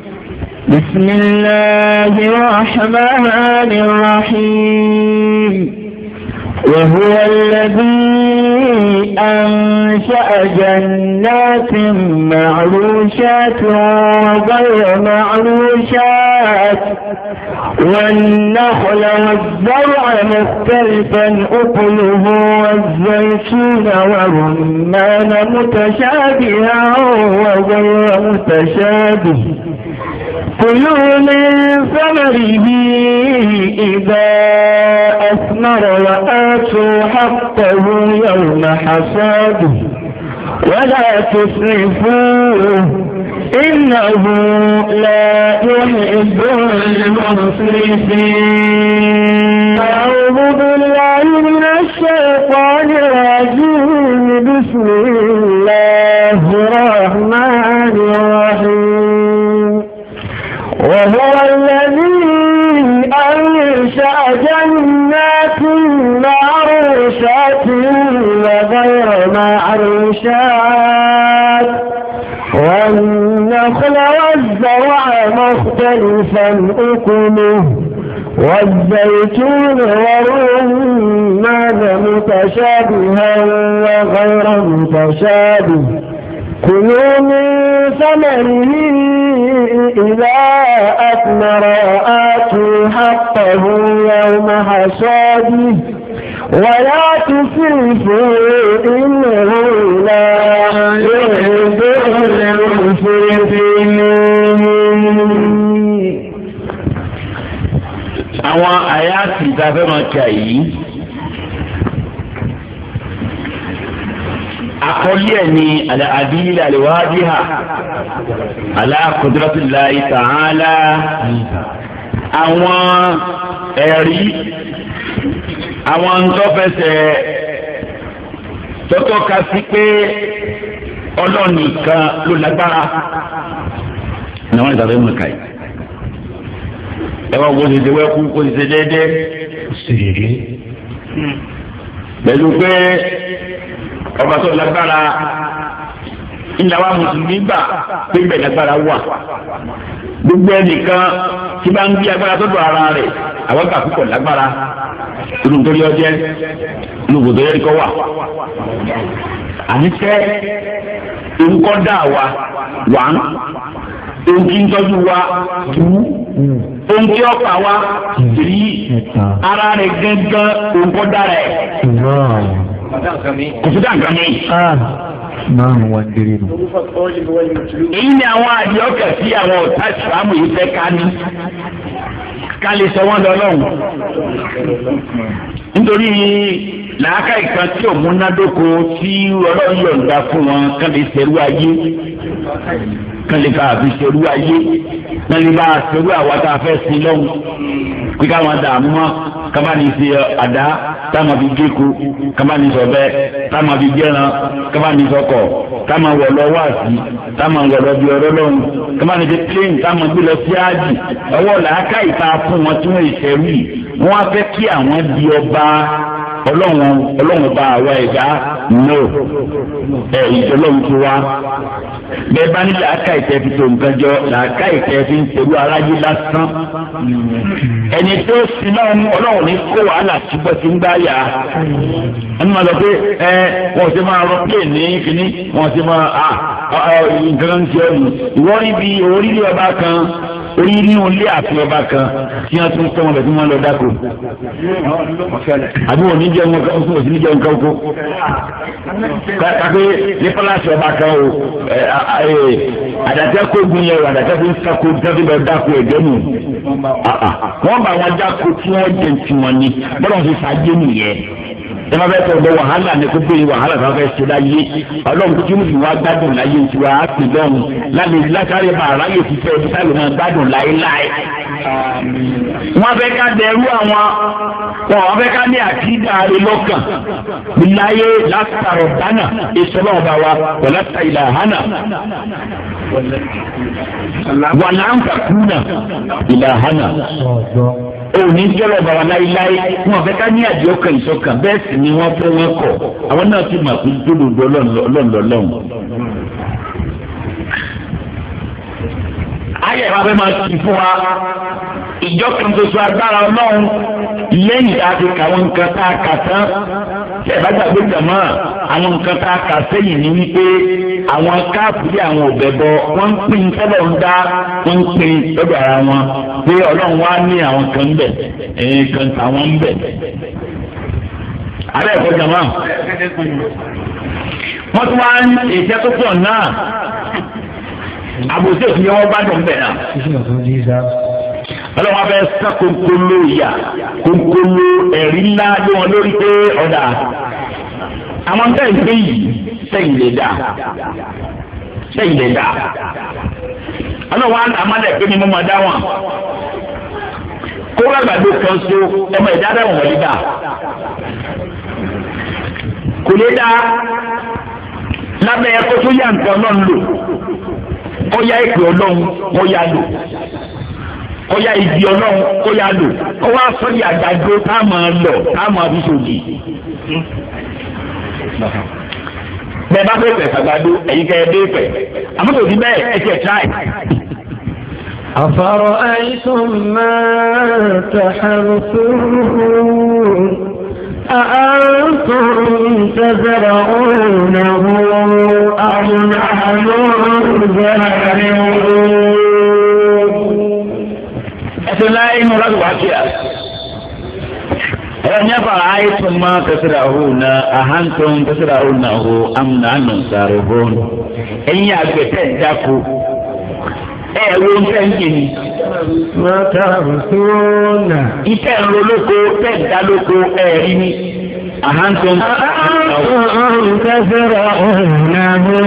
بسم الله الرحمن الرحيم وهو الذي أنشأ جنات معروشات وغير معروشات والنخل والزرع مختلفا أكله والزيتون والرمان متشابها وغير متشابه كلوا من ثمره إذا أثمر وآتوا حقه يوم حصاده ولا تسرفوه إنه لا يحب المسرفين أعوذ بالله من الشيطان الرجيم بسم الله الرحمن الرحيم أنشأ جنات معروشات وغير معروشات والنخل والزرع مختلفا أكله والزيتون والرمان متشابها وغير متشابه كلوا من ثمره إذا أثمر وآتوا حقه يوم حصاده ولا تسرفوا إنه لا يحب المسرفين àwọn àyà àti ìtafẹ́ máa kà yìí akọlí ẹ ní àdìyí àlewádìí ha aláàkùdúrọ́tìlá ìtàhálà àwọn ẹ̀rí àwọn ntọ́fẹsẹ̀ tọ́tọ́ka sí pé ọlọ́nìkan ló lágbára ní àwọn ìtàgé mọ̀ká yìí ẹ wá wo ṣèṣe wẹ́kú kó ṣèṣe déédéé pẹ̀lú pé ọba tó lágbára ńlá wa mùsùlùmí gbà pé bẹ́ẹ̀ lágbára wà gbogbo ẹnìkan tí bá ń gbé agbára tó dùn ara rẹ̀ àwọn gbà púpọ̀ lágbára olùdórí ọjẹ́ olùgbòdó yẹn kọ́ wà àníṣe orúkọ dá wa wà ń ohun tí ń tọ́jú wa tù ú ohun tí wa tì í ara rẹ̀ gángan orúkọ dá rẹ̀ kùsùdà nǹkan mi. máa ń wá déré nù. èyí ni àwọn àdìọ́kẹ̀ sí àwọn ọ̀tá ìsìlámù yìí fẹ́ ká ní ká lè sọ wọ́n lọ lọ́hùn. nítorí làákà ìkan tí ò múnádóko tí ọlọ́run yọ̀ǹda fún wọn kán lè ṣerú ayé kán lè bá àfi ṣerú ayé kán lè bá ṣerú àwa tá a fẹ́ sí lọ́hùn pé káwọn dààmú mọ́ kábàánì ṣe àdá táwọn fi gé ko kábàánì sọ sọ̀rọ̀ bẹ́ẹ̀ ká máa fi jẹ́ran ká máa ní sọkọ̀ ká máa wọ̀ lọ wáàsí ká máa wọ̀ lọ bí ọ̀rọ̀ lọ́hùn ká máa fi plane ká máa gbé lọ sí áàjì ọwọ́ làákà ìta fún wọn tí wọ́n ìṣẹ́rù yìí wọ́n á kí àwọn di ọba ọlọ́run ọlọ́run bá àwa ẹ̀dá no ẹ̀ ọlọ́run ti wá. bẹ́ẹ̀ bá ní làákà ìtẹ́ fi tó nǹkan jọ làákà ìtẹ́ fi ń pẹ̀lú aráyé lásán. ẹni tó sì náà ọlọ́run ní kó wàhálà síbọ̀ sí ń gbá yà á. wọ́n máa lọ pé ẹ wọ́n ti máa rọ plé ní kínní wọ́n ti máa nǹkan ń jẹ́ ọ̀nù ìwọ́n rí orílẹ̀ ọba kan orí nínú ilé ọba kan tí wọ́n tún tọ́ jẹun kankan òsì ní jẹun kankan kakpe ní palasi ọba kan o àdàtẹ kogun yẹ o àdàtẹ fi sako dábì bẹ dako ẹgbẹ nù wọn bá wọn dako tí wọn jẹ tiwọn ni bọlọ fi fà jẹ nìyẹn ẹ má bẹ́ẹ̀ tó lọ wàhálà ní kókó yìí wàhálà tó fẹ́ ṣe láyé ọlọ́run tó tún wá gbádùn láyé tí wàá pè lọ́run lálẹ́ lákàrí bá aráyè ti fẹ́ ẹbí sálò máa gbádùn láéláé. wọ́n fẹ́ ká dẹrú àwọn wọ́n fẹ́ ká ní àkídà rẹ láyé látàrọ̀ dáná ìṣọ́lá ọba wa wọ̀lá ta ìlà hánà wàlá ń kàkúnà ìlà hánà òní jọlọ bàbá láíláí wọn fẹ́ ká ní àdìọ kan ìṣọ̀kan bẹ́ẹ̀ sì ni wọn fẹ́ wọn kọ àwọn náà ti mà fún dòdòdó lọlọlọhùn ayé ìwà fẹ́ máa ti fún wa ìjọ kan tó so agbára ọlọ́run lẹ́yìn tá a ti kà àwọn nǹkan tá a kà tán tẹ̀ bá gbàgbé jàmọ́ àwọn nǹkan tá a kà sẹ́yìn ní wípé àwọn káàpùlì àwọn òbẹ̀bọ wọ́n ń pín tọ́lọ̀ ń dá wọ́n ń pín lọ́dọ̀ ara wọn pé ọlọ́run wá ní àwọn kan ń bẹ̀ ẹ̀yìn kan tàwọn ń bẹ̀. alẹ́ ẹ̀kọ́ jàmọ́ wọ́n tún wá ń ìṣẹ́ tó pọ̀ náà àbòsí òfin yẹn wọ́n bá dùn bẹ̀ náà. ọlọ́run abẹ́ sá kónkóló ìyá kónkóló ẹ̀rí ńlá lé wọn lórí pé ọ̀dà àwọn bẹ́ẹ̀ gbé yìí sẹ́yìn lè dà sẹ́yìn lè dà ọlọ́run amálẹ̀ pé ni mo máa dá wọn kó rábàdó kan so ẹmọ dá dáhùn wọlé dà kò lè dá lábẹ́ ẹ̀kọ́ tó yá nǹkan náà ń lò kọ́yá ìpè ọlọ́run kọ́yá lò kọ́yá ìdí ọlọ́run kọ́yá lò kọ́wá sọ́yà àgbàdo tá a máa lọ tá a máa fi sòdì. bẹ́ẹ̀ bá fẹ́ fẹ́ sàgbàdo ẹ̀yin kẹ́ ẹ dé fẹ́ àmọ́ tòbí bẹ́ẹ̀ ẹ tiẹ̀ tíráì. أفرأيتم ما تحرثون أأنتم تزرعونه أم نحن الزارعون أتلاقي مراد واقعة ẹ̀yẹ́ fara àìsàn máa kẹsìrà òhun náà àhántàn kẹsìrà òhun náà hó amúnà ànà sàrò hó ẹ̀yìn àgbẹ̀ tẹ̀ ń dáko ẹ̀rọ iṣẹ́ ń kìíní. Mọ́tà òṣùwọ̀nà. Iṣẹ́ ń rolóko tẹ̀dá lóko ẹ̀rí ni. Àhántún. Àhántún kẹsìrọ̀ ònàbó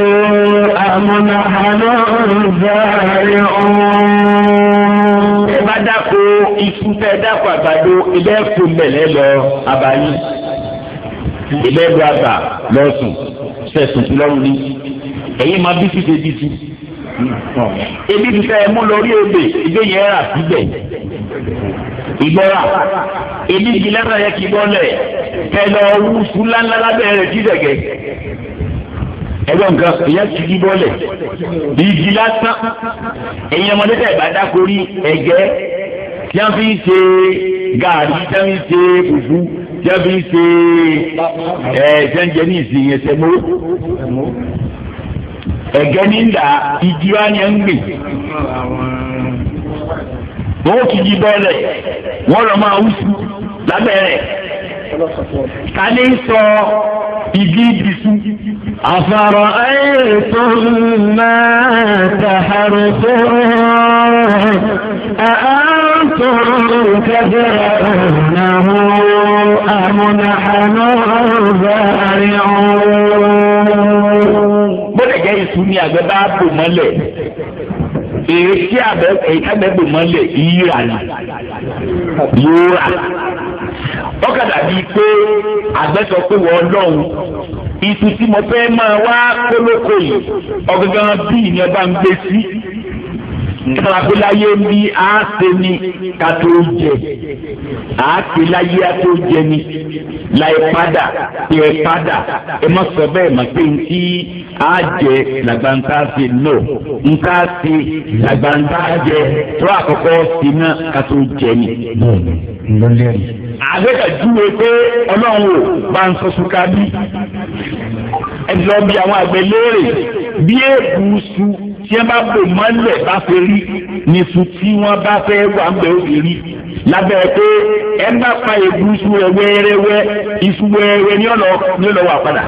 àmúna àná òǹzàrí òun. Ẹ bá dáko ikú fẹ́ dáko àgbàdo ilé kò mẹ̀lẹ́ lọ àbáyé. Ilé ìlú àgbà lọ sùn, ṣẹ̀sùn sí lọ́rùn ní. Ẹ̀yin máa bí ti ṣe bí ti ebi ti fẹ́ mú lórí ebè ebè yẹn rà síbẹ̀ ìgbọ́ra ebi ti lẹ́rọ yẹ kí bọ́lẹ̀ kẹ lọ wú fúlánlá lábẹ́ rẹ̀ dídẹ̀gẹ̀ ẹgbẹ́ nǹkan ìyá ti di bọ́lẹ̀ igi lásán ẹ̀yin ọmọdé tẹ̀ bá dákórí ẹ̀gẹ́ tí wọ́n fi ń ṣe gààrí tí wọ́n fi ń ṣe fùfú tí wọ́n fi ń ṣe ẹ̀ẹ́dẹ́njẹ́ ní ìsìn yẹn sẹ́mó. ẹ̀gẹ́ nílà igi wa yẹn ń gbìn wọn ò tún jí bọ́ọ̀lẹ̀ lọ máa wú lábẹ́rẹ́ ta ni sọ igi bisu. àfàrọ̀ ayé tó máa tàhárò tó ìtú ni àgbẹ̀ bá bò mọ́lẹ̀ èyí tí àgbẹ̀ èyí tí àgbẹ̀ bò mọ́lẹ̀ yíra ni yíra ọ̀kadà bíi pé àgbẹ̀ sọ pé wọ́n lọ́hùn ìtú tí mo fẹ́ máa wá kólókò yìí ọ̀gángan bíi ni ọba ń gbé sí kárapiláyé bí a ṣe ni ká tó jẹ a ṣe láyé a tó jẹ ni láì padà tẹ ẹ padà ẹ má sọ bẹ́ẹ̀ mà pé ntí a jẹ làgbàǹtà ṣe nọ nká ṣe làgbàǹtà jẹ tó àkọ́kọ́ sí náà ká tó jẹ ni. àgbẹ̀kàjúwe pé ọlọ́run ò bá ń sọ sùkà bí ẹ lọ bí àwọn àgbẹ̀ lóore bí èèbù sùn tí wọ́n bá pè mọ́lẹ̀ bá fẹ́ rí nìṣu tí wọ́n bá fẹ́ wà ń bẹ̀ ó fi rí lábẹ́ pé ẹ bá pa ègbú iṣu rẹ̀ wẹ́rẹ́wẹ́ iṣu wẹ́rẹ́ ní ọ̀nà ní ọ̀nà wà padà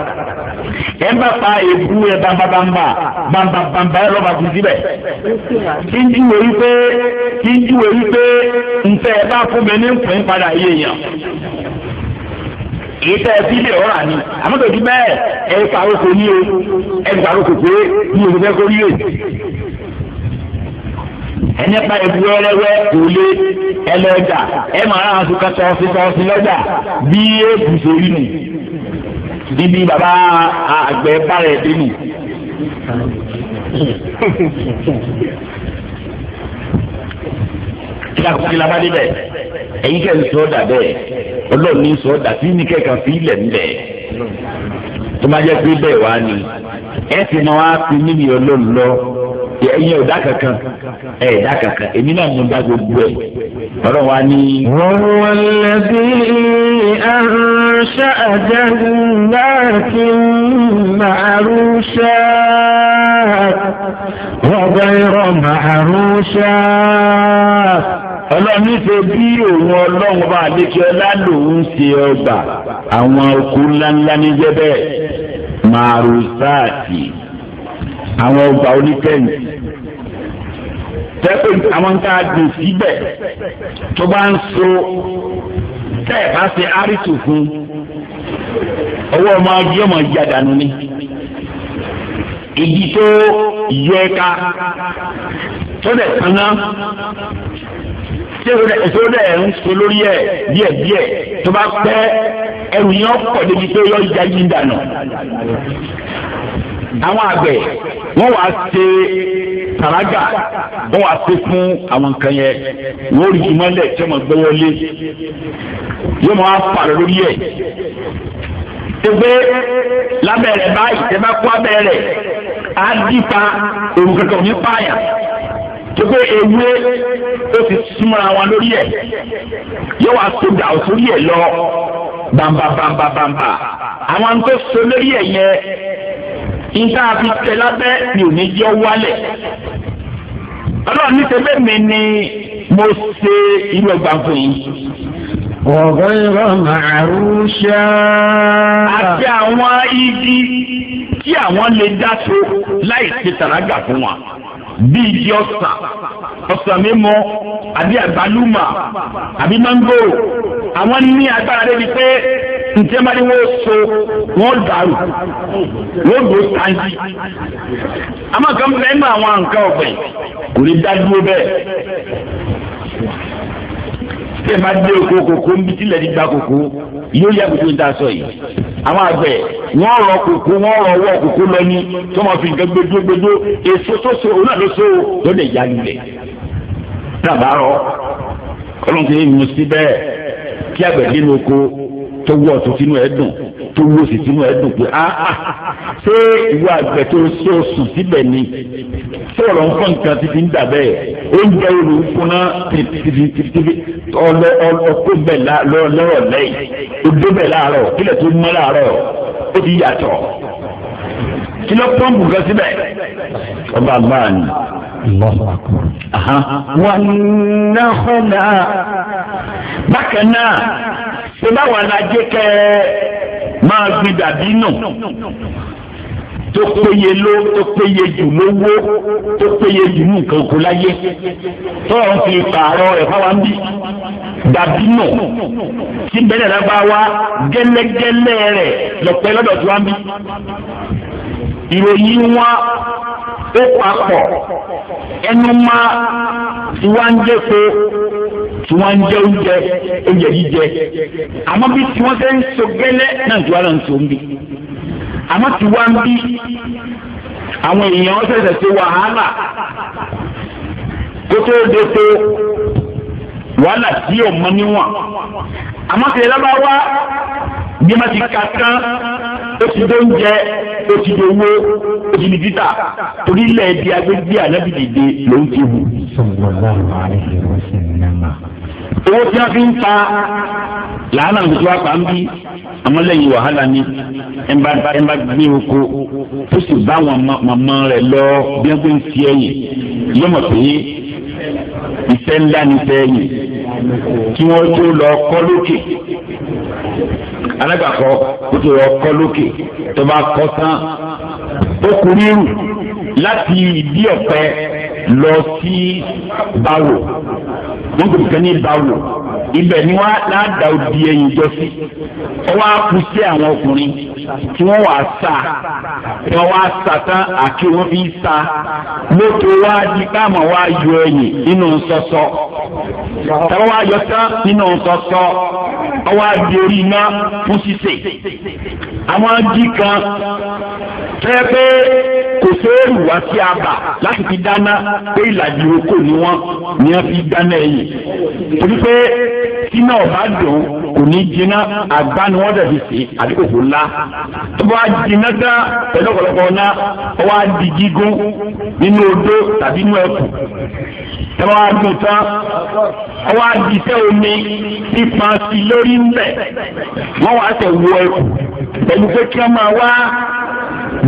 ẹ bá pa ègbú rẹ̀ bambabamba bambabamba ẹ lọ́ba kù síbẹ̀ kí n júwe yí pé kí n júwe yí pé nfẹ́ ẹ bá fún mi ní nfẹ́ padà yé èyí tẹ́ ẹ fi lè ọ̀rà ni àmọ́ tó di bẹ́ẹ̀ ẹ paroko ní o ẹ paroko pé ní o fẹ́ kó rí o. ẹni pa ẹbu wẹ́rẹ́wẹ́ kò lé ẹ lọ ọjà ẹ máa rán aṣọ kan tọ́sí tọ́sí lọ́jà bí èébù ṣe rí nù bíbí bàbá àgbẹ̀ bára ẹ̀ dé nù kí la bá dé bẹ́ẹ̀. ẹ̀yin kẹ́ ń sọ ọ́ bẹ́ẹ̀ ọlọ́run ní sọ ọ́ dà fi ilẹ̀ ńlẹ̀ tó má jẹ́ pé bẹ́ẹ̀ wá ni ẹ ti mọ wá fi níbi ọlọ́run lọ ẹ̀yin ọ̀dà kankan ẹ̀ kankan èmi náà mo dá gbogbo ẹ̀ ọ̀rọ̀ wa ni. wọ́n wọ́n lẹ́bí àrùnṣẹ́ màrúṣẹ́ wọ́n màrúṣẹ́. ọlọ́run nífẹ̀ẹ́ bí òun ọlọ́run bá lékè ọlá lòun ṣe ọgbà àwọn oko ńláńlá ní jẹ́bẹ̀ màrúsáàtì àwọn ọgbà oníkẹ́yìn tẹ́pẹ́ àwọn ń ká gbìn síbẹ̀ tó bá ń so tẹ́ ẹ̀ bá ṣe áríṣù fún ọwọ́ ọmọ ajé ọmọ ìjà dànù ni igi tó yẹ ká tó dẹ̀ tán èso rẹ̀ ń so lórí ẹ̀ díẹ̀díẹ̀ tó bá pẹ́ ẹrù yẹn pọ̀ débi pé yọ ìjà yìí dànù. àwọn àgbẹ̀ wọ́n wá ṣe tàràgà wọ́n wá ṣe fún àwọn nǹkan yẹn wọ́n rí ìmọ̀lẹ̀ tí wọ́n gbé wọlé yóò máa pààrọ̀ lórí ẹ̀ tẹgbẹ lábẹ́rẹ́ báyìí tẹ bá kó abẹ́rẹ́ á dìpa èrò kankan pààyàn tóbi ewé ó ti súnmọ́ra wọn lórí ẹ̀ yóò wá sódà òsórí ẹ̀ lọ bàǹbà bàǹbà bàǹbà àwọn tó so lórí ẹ̀ yẹn nǹkan àfi tẹ lábẹ́ ni ò ní jẹ́ wálẹ̀ ọlọ́run ní tẹ́lẹ̀ mi ni mo ṣe irú ẹgbà fún yín. ọ̀gọ́ irọ́ màrúṣà. àti àwọn igi tí àwọn lè dá láì ṣe tàrágà fún wa bí igi ọsàn ọsàn mímọ àbí àgbálùmà àbí máńgò àwọn ní agbára débi pé ǹjẹ́ máa ní wọ́n so wọ́n dàrú wọ́n gbó sáńjì. àmọ́ kan bẹ́ẹ̀ nínú àwọn nǹkan ọ̀gbìn kò ní dá dúró bẹ́ẹ̀ tẹ̀ máa dé oko kòkó ń bí tilẹ̀ nígbà kòkó yóò yá kòkó ń ta sọ yìí. àwọn àgbẹ̀ wọ́n rọ kòkó wọ́n rọ ọwọ́ kòkó lọ ní tó máa fi nǹkan gbẹdó gbẹdó èso tó so òun náà ló so tó lè yá lulẹ̀. dábàá rọ kọ́lọ́n kì mú sí bẹ́ẹ̀ kí àgbẹ̀ dínú oko tó wú ọ̀tún sínú ẹ̀ dùn tó wú òsì sínú ẹ̀ dùn pé áá ṣé ìwọ àgbẹ̀ tó ṣe oṣù síbẹ̀ ni sọ̀rọ̀ nǹkan kan ti fi ń dà bẹ́ẹ̀ oúnjẹ olùkúná tìtìtìtìtì ọlọ ọkọ bẹ̀ lọ́rọ̀ lẹ́yìn ó débẹ̀ láàárọ̀ kílẹ̀ tó mọ́ láàárọ̀ ó ti yàtọ̀ kí ló pọ́ǹpù kan síbẹ̀ ọba àgbáà ni. wọ́n ná kọ́nà bákan náà ṣé báwa la jẹ́ kẹ́ máa gbin dàbí nù tó péye ló tó péye jù lówó tó péye jù ní nǹkan kó láyé tó ń fi pààrọ̀ ẹ̀fọ́ wa ń bí dàbí nù tí bẹ́ẹ̀ náà bá wá gẹ́lẹ́gẹ́lẹ́ rẹ̀ lọ́pẹ́ lọ́dọ̀ tó wá ń bí. ìròyìn nwa ó papọ̀ ẹnu máa tí wọ́n ń jẹ́ pé tí wọ́n ń jẹ oúnjẹ oúnjẹ jíjẹ àmọ́ bí tí wọ́n ń so gẹ́lẹ́ náà ń so ń àmọ́ tí wọ́n wàhálà kó wàhálà níwọ̀n bí wọ́n ti ka kán ó ti dé oúnjẹ ó ti dé owó ó ti di títà torí ilẹ̀ ẹ̀dí agbègbè ànábì dìde ló ń ti wù. owó tí wọ́n fi ń ta làánà ń tó apá ń bí ọmọlẹ́yìn wàhálà ni ẹ bá gbé oko ó sì bá wọn màmá rẹ̀ lọ bí wọ́n ń fi ẹ̀yìn yọmọ pé iṣẹ́ ńlá ni sẹ́yìn kí wọ́n tó lọ kọ́ lókè alágbàkọ kótó lọ kọ́ lókè tó bá kọ́ tán ó kú rírù láti ìdí ọ̀pẹ lọ sí báwò wọn kò kàn ní ìbáwò ibẹ̀ ni wọn láàdá òbí ẹyin jọ sí ẹ wá kú sí àwọn ọkùnrin tí wọn wà sá tí wọn wá sá tán àti wọn fi sá lóto wá di káàmọ wá yọ ẹyin nínú sọsọ táwọn wá yọ tán nínú sọsọ ọwọ́ adi orí iná fún ṣíṣe àwọn adi kan tẹ́ pé sóòrù wá sí àbà láti fi dáná pé ìlàjì oko ni wọ́n ni wọ́n fi dáná ẹ̀yìn torí pé tí náà bá dùn kò ní jiná àgbá ni wọ́n dẹ̀bi sí àdínkòkò ńlá tó bá jiná dá pẹ̀lú ọ̀pọ̀lọpọ̀ ọ̀nà ọwọ́ á di gígún nínú odó tàbí inú ẹ̀kú tẹ́wọ́ á dùn tán ọwọ́ á di iṣẹ́ omi pípa sí lórí ńbẹ̀ wọ́n wá tẹ̀ wọ ẹ̀kú pẹ̀lú pé kí wọ́n máa wá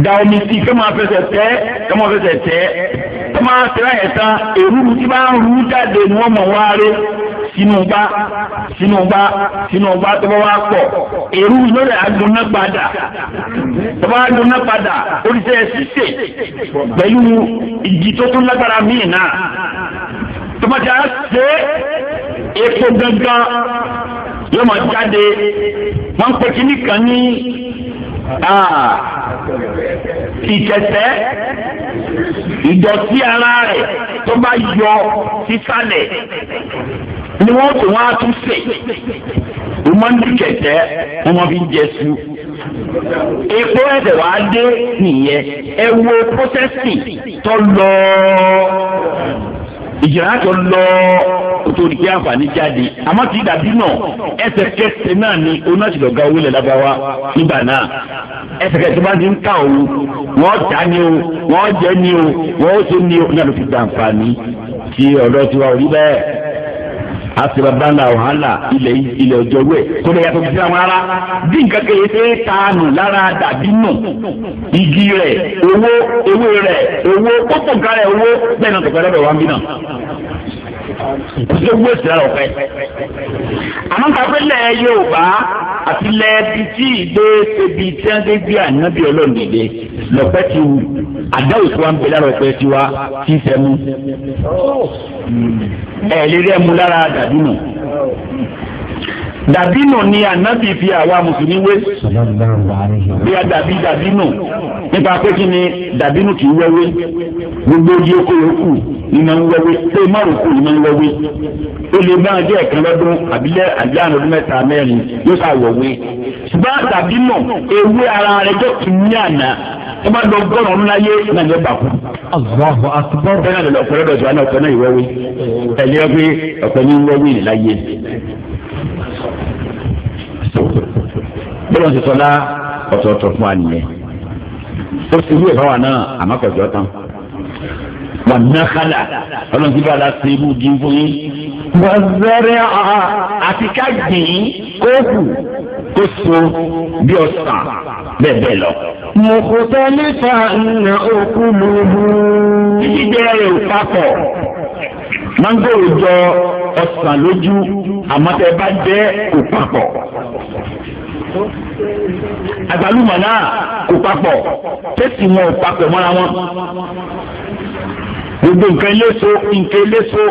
da omi sí kí máa fẹsẹ̀ tẹ́ kí máa fẹsẹ̀ tẹ́ kí máa tẹ́lá yẹn tán èrú tí bá ń rú jáde ni wọ́n mọ̀ wá rí sínú gbá sínú gbá sínú gbá tó bá wá pọ̀ èrú lórí agbóná padà tó bá agbóná padà oríṣẹ́ ṣíṣe pẹ̀lú ìjì tó tún lágbára míì náà tó bá ti á ṣe epo gangan yóò máa jáde wọ́n ń kan ní. Ah. ìkẹsẹ́ ìdọ̀tí ara rẹ̀ tó bá yọ sísàlẹ̀ ni wọ́n tún wá tún sè wọ́n ní kẹ̀kẹ́ wọ́n fi ń jẹ su epo ẹsẹ̀ wàá dé nìyẹn ẹ wo protesting tó lọ́ọ́ ìjìnlẹ̀ àjọ lọ torí kí àǹfààní jáde àmọ́ ti dàbí náà ẹsẹ̀kẹsẹ̀ náà ni onáṣìlọ́gà owó ilẹ̀ lábáwá nígbà náà ẹsẹ̀kẹsẹ̀ bá ti ń ká òun wọ́n já ni o wọ́n jẹ́ ni o wọ́n ó ṣe ni o ní àlọ́ fi gbà àǹfààní ti ọ̀dọ́ tiwa ò rí bẹ́ẹ̀ àṣìbà bàlà wàhálà ilẹ̀ ilẹ̀ ọjọ́ wẹ̀ kó lè yàtọ̀ sí àwọn ará bí nǹkan kan yẹn ṣe é taanu lára dàbí nù igi rẹ̀ owó ewé rẹ̀ owó kókò nǹkan rẹ̀ owó bẹ́ẹ̀ náà tọ̀kọ̀ ẹlẹ́bẹ̀ wá ń bí náà ìpèsè owó èsì rárá ọ̀fẹ́. àmọ́ káfíń lẹ̀ Yorùbá àti lẹ̀ bí tí ìgbé ṣebi tí wọ́n ti gbé ànábì ọlọ́run dìde lọ́pẹ́ ti wù àdáwò tí wọ́n ń bẹ lára ọ̀pẹ́ ti wá ti sẹ́mu. ẹ̀ lè rí ẹmu lára dàbínù dàbínù ni ànábì fi àwa mùsùlùmí wé bí a dàbí dàbínù nípa pé kí ni dàbínù kì í wẹ́wé gbogbo ojú oko yòókù ìmọ̀ ń wọ́wé ṣé márùkù ìmọ̀ ń wọ́wé ó lè máa jẹ́ ẹ̀kan lọ́dún àbílẹ̀ àdéhùn ọdún mẹ́ta mẹ́rin yóò ṣà wọ̀wé ṣùgbọ́n tàbí mọ̀ ewé ara rẹ̀ jọ kì í ní àná ẹ bá lọ gbọ́rọ̀ ọ̀run láyé náà ní ọgbà kú. Allahu akbar. bẹ́ẹ̀ ni ọ̀pẹ̀lẹ̀ dọ̀tí wa ọ̀pẹ̀ náà ìwọ́wé ẹ̀lẹ́ pé ọ̀pẹ̀ ní wọ́wé láyé. bọ́lá ti sọlá ọ̀tọ̀ọ̀tọ̀ fún wa nìyẹn ó sì wí ìfọwọ́ náà àmọ́ kọjọ́ tán wà nàkàlà ọlọ́run ti bá a la ṣe ibú di fún yín. wà zẹ́rẹ́ àti ká gbìn ín kó kù kó so bí ọ̀sán bẹ́ẹ̀ bẹ́ẹ̀ lọ. mùkútẹ́lẹ́fà nà òkú lóhu. títí jẹ́ èrò papọ̀ mángòrò jọ ọ̀sán lójú àmọ́ tẹ́ bá jẹ́ kó papọ̀ àgbàlùmọ̀ náà kò papọ̀ tẹ́sí wọn ò papọ̀ mọ́ra wọn gbogbo nǹkan eléso nǹkan eléso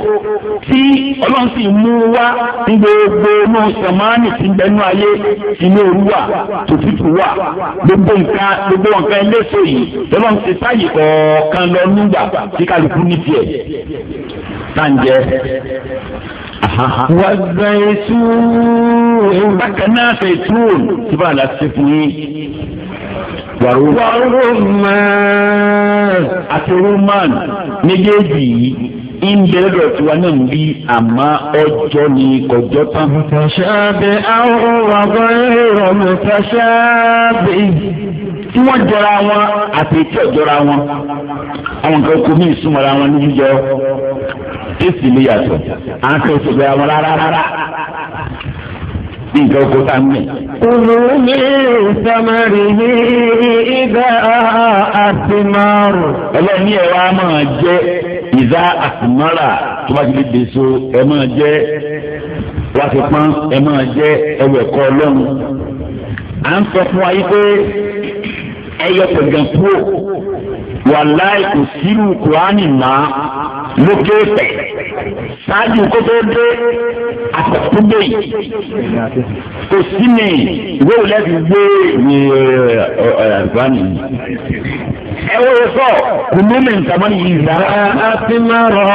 tí ọlọ́run sì mú wá ní gbogbo inú sàmánì tí ń bẹnu ayé inú òru wà tòtútù wà gbogbo nǹkan gbogbo nǹkan eléso yìí lọ́lọ́run ti sáyè kọ̀ọ̀kan lọ nígbà tí kálukú ní tiẹ̀ tàǹjẹ́. wàgbà ètò. bákan náà fẹ̀ tún tí bá a lọ sí fún yín wàrúmán àti rúmán méjèèjì yìí ìbẹ̀rẹ̀ tiwa náà ń bí àmọ́ ọjọ́ ni kọjọ́ tán. mùtàṣáàbẹ̀ àwọn ọ̀gá ẹ̀rọ mùtàṣáàbẹ̀. tí wọ́n jọra wọn àti tí ò jọra wọn àwọn nǹkan kò ní ìsúnmọ́ra wọn ní jíjọ èsì lè yàtọ̀ à ń fẹ́ ìṣòro àwọn rárá rárá bí nǹkan oko tá a mú. Kùlù mi sàmárì ní ìdá àtìmárù. Ọlọ́run ẹ̀ wá máa jẹ́ ìdá àtìmárà tó bá ti lè dèso ẹ máa jẹ́ wáṣẹ pọ́n ẹ máa jẹ́ ẹwẹ̀ kọ́ ọlọ́run. À ń sọ fún wa yí pé ẹyọ pẹ̀gàn kúrò wàláì kò sírù kùránì náà lókè pẹ̀ ṣáájú kó tó dé àtẹ̀kúndé yìí kò sí mi ìwé òlẹ́bí gbé ní àgbáni. ẹ wo ye sọ kùnú mi nǹkan mọ́ ni yìí rárá. a ti máa rọ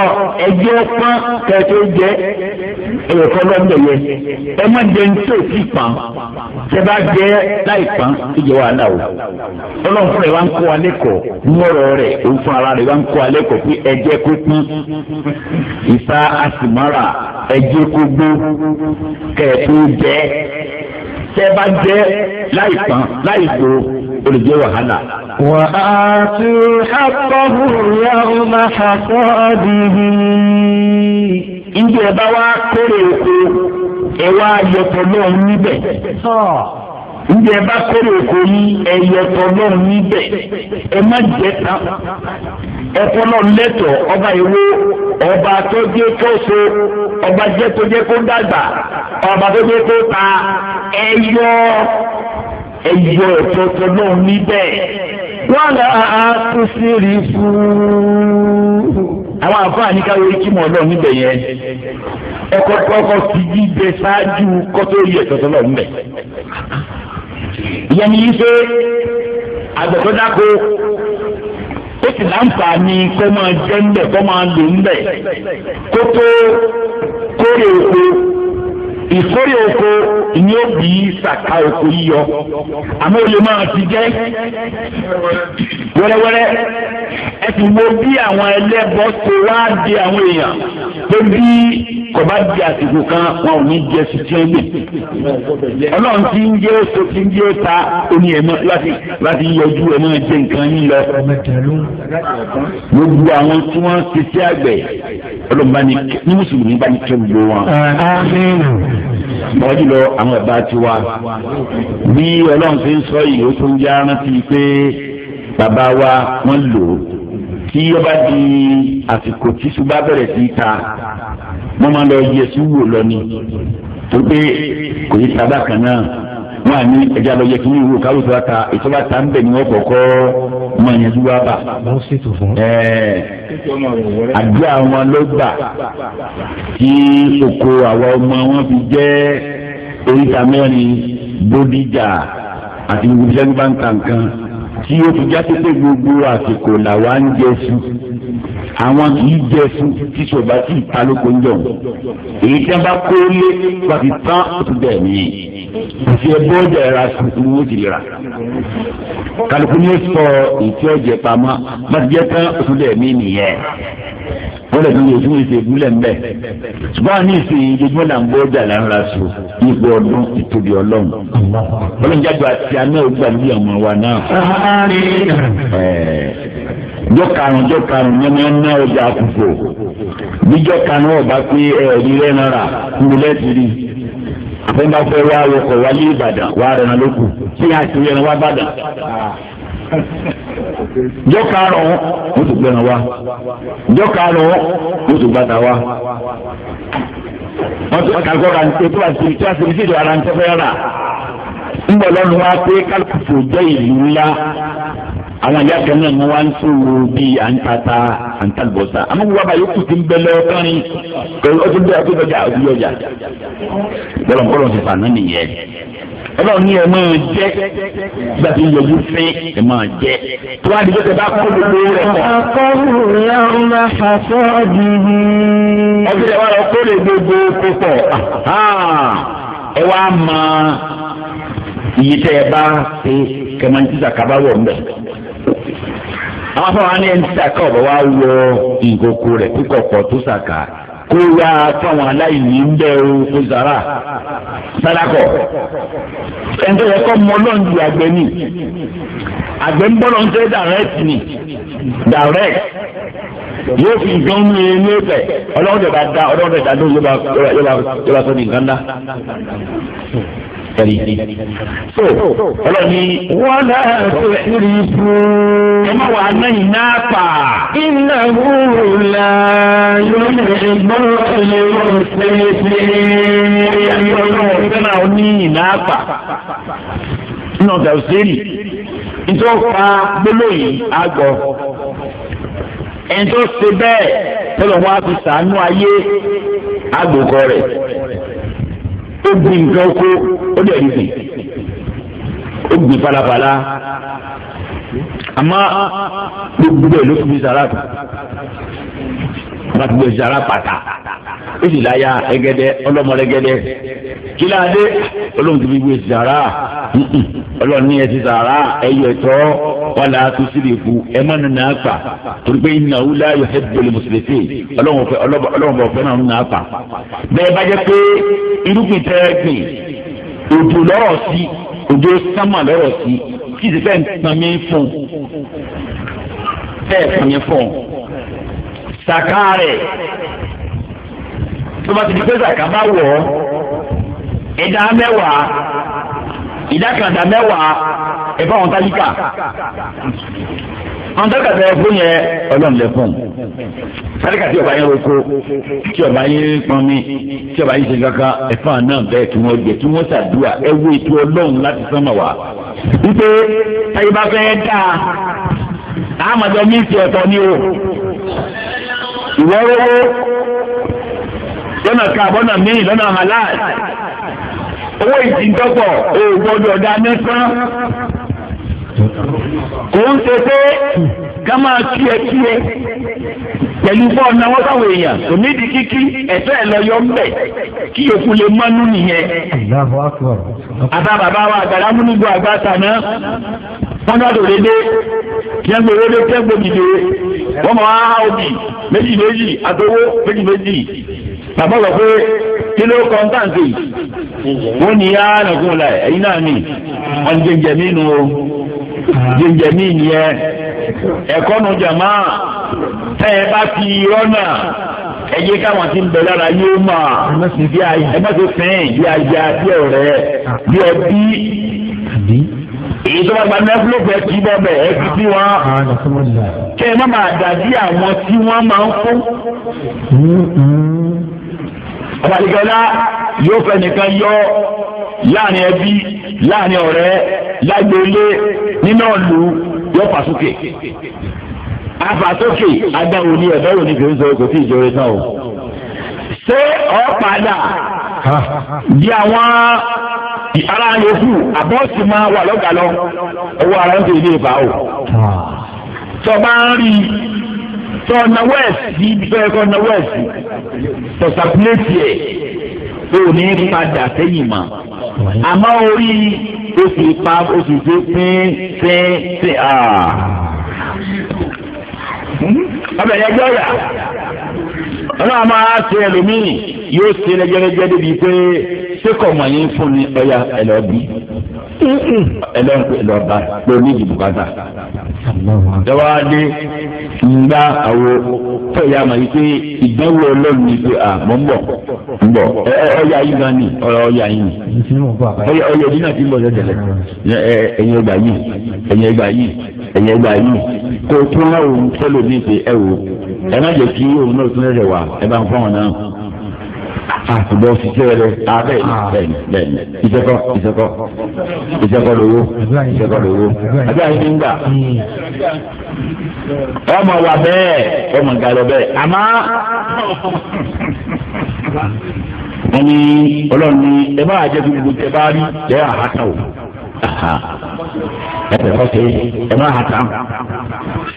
ẹjọ́ pọ́n kẹ́kẹ́ jẹ́ ẹ̀rọ kọ́ lọ́dọ̀ yẹ ẹ má jẹ ní tí pa tẹ bá jẹ láì pa ìjẹ wa là o ọlọ́run fún ẹ wá ń kó wa lẹ́kọ̀ọ́ mọ́rọ̀ rẹ̀ òun fún ara rẹ̀ wá ń kó wa lẹ́kọ̀ọ́ pé ẹjẹ́ kó pín ìta àsìmọ́ra ẹjẹ́ kó gbó kẹ̀ẹ́tù jẹ́ tẹ bá jẹ láì pa láì gbó olùjẹ wàhálà. wà á ti ṣàkóso ìyá ọmọ àkọ́ọ̀dì yìí ibi ẹ bá wá kórè oko ẹ wá yẹpọ lọ́hùn níbẹ̀ ibi ẹ bá kórè oko yìí ẹ yẹpọ lọ́hùn níbẹ̀ ẹ má jẹ tán ẹ̀kọ́ náà lẹ́tọ̀ ọba ìwo ọba tó jẹ́ kó so ọba jẹ́ tó jẹ́ kó dàgbà ọba tó jẹ́ kó ta ẹ̀yọ ẹ̀yọ ẹ̀tọ̀tọ̀ náà níbẹ̀ wàlà àtúnṣírí fún àwọn àfáàní káwé kí mọ̀ lọ níbẹ̀ yẹn ọkọ̀ ọkọ̀ ti jíjẹ ṣáájú kọ́tórí ẹ̀tọ́ tó lọ ìyẹn ni yìí pé àgbẹ̀tọ́ dáko ó sì láǹfààní kó máa jẹ́ ńbẹ̀ kó máa lò ńbẹ̀ kó kórè oko ìkórè oko ni ó bí sàkà oko yíyọ àmọ́ olè máa ti jẹ́ wẹ́rẹ́wẹ́rẹ́ ẹ ti wo bí àwọn ẹlẹ́bọ tó wá di àwọn èèyàn tó bí kọba di àsìkò kan wọn ò ní jẹ sisi ẹgbẹ Ọlọ́run ti ń yé so ti ń yé ta oní ẹmọ láti láti yọjú ẹmọ jẹ nǹkan yín lọ gbogbo àwọn tí wọn ti sí àgbẹ̀ Ọlọ́run bá ní ní mùsùlùmí bá ní kẹ gbogbo wọn bọ́jú lọ àwọn ẹ̀bá ti wá bí Ọlọ́run ti ń sọ yìí ó tún jẹ́ arántí pé bàbá wa wọ́n lò ó tí ó di àsìkò tí bẹ̀rẹ̀ sí ta wọ́n máa lọ yẹ sí wò lọ ni tó pé kò yí tabá kan náà wọ́n á ní ẹja lọ yẹ kí wọ́n wò káwé tó bá ta ètò bá ta ń bẹ̀ ni wọ́n kọ̀ọ̀kọ́ máa yẹn dúró bá. àdúrà wọn ló gbà tí oko àwa ọmọ wọn fi jẹ́ oríta mẹ́rin bódìjà àti gbogbo sẹ́nu bá ń ta nǹkan tí ó fi já pé gbogbo àsìkò làwa ń jẹ sùn àwọn kì í jẹ fún tíṣọ bá tí ì ta lóko ń jọ èyí tí wọn bá kó lé wọn ti tán oṣù bẹ́ẹ̀ nìyí kò sí ẹbọ ọjà ẹra sí ní wọn ti rà kálukú ni ó sọ ìtí ọjà pamọ́ bá ti jẹ tán oṣù bẹ́ẹ̀ mí nìyẹn wọ́n lè fi ojú ìṣe ìbúlẹ̀ ń bẹ̀. ṣùgbọ́n àní ìsìn ìjọba là ń gbọ́ ọjà sùn ipò ọdún ìtòbi ọlọ́run. ọlọ́run jáde àti àná ògbà níbi àwọn wa náà jọ karùn jọ karùn ní ọmọ ná ọjà àkùkọ bíjọ karùn ọba pé ẹẹdí rẹ náírà nílẹ tìrì àfẹnbá fẹ wá wọkọ wá lé Ìbàdàn wá rẹnà lóko tí a ti rẹnà wá bàdàn jọ karùn ó tún gbẹnà wá jọ karùn ó tún gbàdà wá wọ́n tún kàgọ́ ra ní ètò àti ètò àti ètò ìdò ara ní tẹ́fẹ́ rà ń bọ̀ lọ́nu wá pé kálukú jẹ́ ìlú ńlá àwọn ìyá kan náà ni wọ́n ń sòwò bíi àǹtata àǹtàlùbọ̀sà àmọ́ gbogbo àbáyé kù ti ń bẹ lọ kánrin pẹ̀lú ọtún bẹ́ẹ̀ ọtún bẹ́ẹ̀ ọtún yọjà bọ́lọ̀ bọ́lọ̀ ti fà náà nìyẹn ọlọ́run ní ẹ máa jẹ́ gba ti yọjú fún ẹ máa jẹ́ tó wá di pé bá kó gbogbo rẹ̀ pọ̀. àkọ́rù ya ọmọ àṣọ ọ̀dìní. ọbẹ̀ rẹ̀ wá lọ kó lè gbogbo púpọ̀ ẹ wá máa iye tẹ́ ẹ bá ṣe kẹ́mọ́ntì sàkábàwọ̀ ń bẹ̀. àwọn ẹni sàkà wa wọ ìkòkò rẹ̀ púpọ̀ tó sàkà kó wá fáwọn aláìní ń bẹ́ o kó zara sadakọ̀ ẹni yẹ mọ ni ń bọ́lọ̀ direct ni direct yóò fi nǹkan mú ní ẹ̀fẹ̀ ọlọ́run tẹ̀ bá da ẹ̀rí. so ọlọ́ni wọ́n náà tó ìrì fún. ẹ má wàá ná iná pa. iná wúlò yóò lè gbọ́ ilé òṣèlú. ọlọ́run fẹ́ náà ó ní iná pa. nínú ọ̀gá òṣèlú ìjọba gbólóyìn àgọ́ ẹni tó ṣe bẹ́ẹ̀ tọ́lọ̀ wá fi sàánú ayé àgbòkọ rẹ̀ ó gbin nǹkan oko ó dẹ̀ rí sìn ó gbin falafala Ama gbogbo ẹ̀ ló fi sara kù pàtó sara pàtà ó sì láyà ẹgẹdẹ ọlọmọlẹgẹdẹ kí la dé ọlọ́run ti fi gbé sara ọlọ́run ní ẹ ti sara ẹ yọ ẹ̀tọ́ wọn là á tún sílẹ̀ kú ẹ má nù náà pa torí pé iná wúlá yọ ẹ bẹ̀rẹ̀ mùsùlùmí ọlọ́run bọ̀ fẹ́ràn nù pa bẹ́ẹ̀ bá jẹ́ pé irúgbìn tẹ́ gbìn òjò lọ́rọ̀ sí òjò sámà lọ́rọ̀ sí kí sì fẹ́ nǹkan mi fún fẹ́ nǹkan mi fún sàká rẹ̀ tó bá ti di pé sàká bá wọ̀ ọ́ ìdá mẹ́wàá ìdá kan ìdá mẹ́wàá ẹ̀fọ́ àwọn táyíkà àwọn tó kàtà ẹ fún yẹn ọlọ́run lẹ fún un sádìkà tí ọba yẹn roko tí ọba yẹn pọnmi tí ọba yẹn ṣe kankan ẹ̀fọn náà bẹ́ẹ̀ kí wọ́n jẹ kí wọ́n ṣàdúrà ẹ wo ètò ọlọ́run láti sánmà wá. wípé táyé bá fẹ́ dáa àmọ̀jọ mi ti ọ̀tọ̀ ni o ìwọ rówó lọ́nà ká bọ́nà míì lọ́nà halal owó ìdíńdọ́gbọ̀ òògùn ọdún ọ̀dà mẹ́sàn-án kò ń ṣe pé ká máa kíẹkíẹ pẹ̀lú bọ́ọ̀ náwó sáwọn èèyàn kò nídìí kíkí ẹ̀tọ́ ẹ̀ lọ yọ ń bẹ̀ kí yòókù lè mọ́nú nìyẹn. àbá bàbá wa àgbàlá múnigbó àgbà tàná wọn bá dòde dé jẹ́ngbò wọlé jẹ́ngbò dìde wọ́n mọ̀ á òbí méjì méjì àtọwọ́ méjì méjì bàbá wọ̀ pé kí ló kọ́ ntáǹtì wọ́n ní yá nàgún ẹ̀yin náà nì wọ́n mí nù o jíjẹ mí nìyẹn ẹ̀kọ́ nu jàmá tẹ́ ẹ bá fi rọ́nà ẹ jẹ́ káwọn ti ń bẹ lára yóò mà ẹ má ti fẹ́ẹ̀ bí ajá bí ọ̀rẹ́ bí ẹbí èyí tó bá gba nẹ́fúlọ́pù ẹ kì í bọ́ bẹ̀ ẹ fi sí wọn. kẹ́ ẹ má máa dàbí àwọn tí wọ́n máa ń fún. Mm-hmm ọba àdìgẹ́lá yóò fẹ́ nìkan yọ láàrin ẹbí láàrin ọ̀rẹ́ lágbèlé nínú ọ̀lù yóò fà sókè afàsókè adáwo ni ẹ̀dọ́ òní kò ń sọ kò sí ìjọba tán o. ṣé ọ̀padà di àwọn ara yòókù àbọ̀sì máa wà lọ́gàá lọ owó ara ń tẹ̀lé ìfà o. tọ́ba ń rí i sọ ọ̀nà wẹ́ẹ̀sì ibi tó yẹ kọ́ ọ̀nà wẹ́ẹ̀sì tọ̀sàpìlẹ̀tì ẹ̀ o ní padà sẹ́yìn mọ́ àmọ́ orí oṣù pa oṣù tó pín pín pín ọbẹ̀ yẹn gbọ́ yà. ọlọ́run máa ṣe ẹlòmíì yóò ṣe lẹ́jẹ́lẹ́jẹ́ débi pé ṣékọ̀ mọ̀nyí fún ni ọ̀ya ẹlọ́bí ẹlọ́ba pé oníjì bùkátà. ìjọba adé ń gbá fẹ̀yà yí pé ìdánwò ọlọ́run ni pé àmọ́ ń bọ̀ ń bọ̀ ọ̀ya yìí gan ni ọ̀ya yìí ni ọ̀ya ìdí náà ti ń bọ̀ tẹ́tẹ̀lẹ̀ yìí yìí yìí tún náà òun ẹ má jẹ́ kí òun náà tún lẹ́sẹ̀ wá ẹ bá ń fọ́n náà àtùbọ̀ ṣiṣẹ́ rẹ abẹ́ bẹ́ẹ̀ni bẹ́ẹ̀ni ìṣẹ́kọ́ ìṣẹ́kọ́ ìṣẹ́kọ́ lówó ìṣẹ́kọ́ lówó abẹ́ àyè ń gbà ọmọ wa bẹ́ẹ̀ ọmọ ga lọ bẹ́ẹ̀ àmọ́ wọ́n ní ọlọ́run ní ẹ bá jẹ́ gbogbo tẹ bá rí tẹ àhátà o ẹ bẹ̀rẹ̀ ọ̀sẹ̀ ẹ má hàtà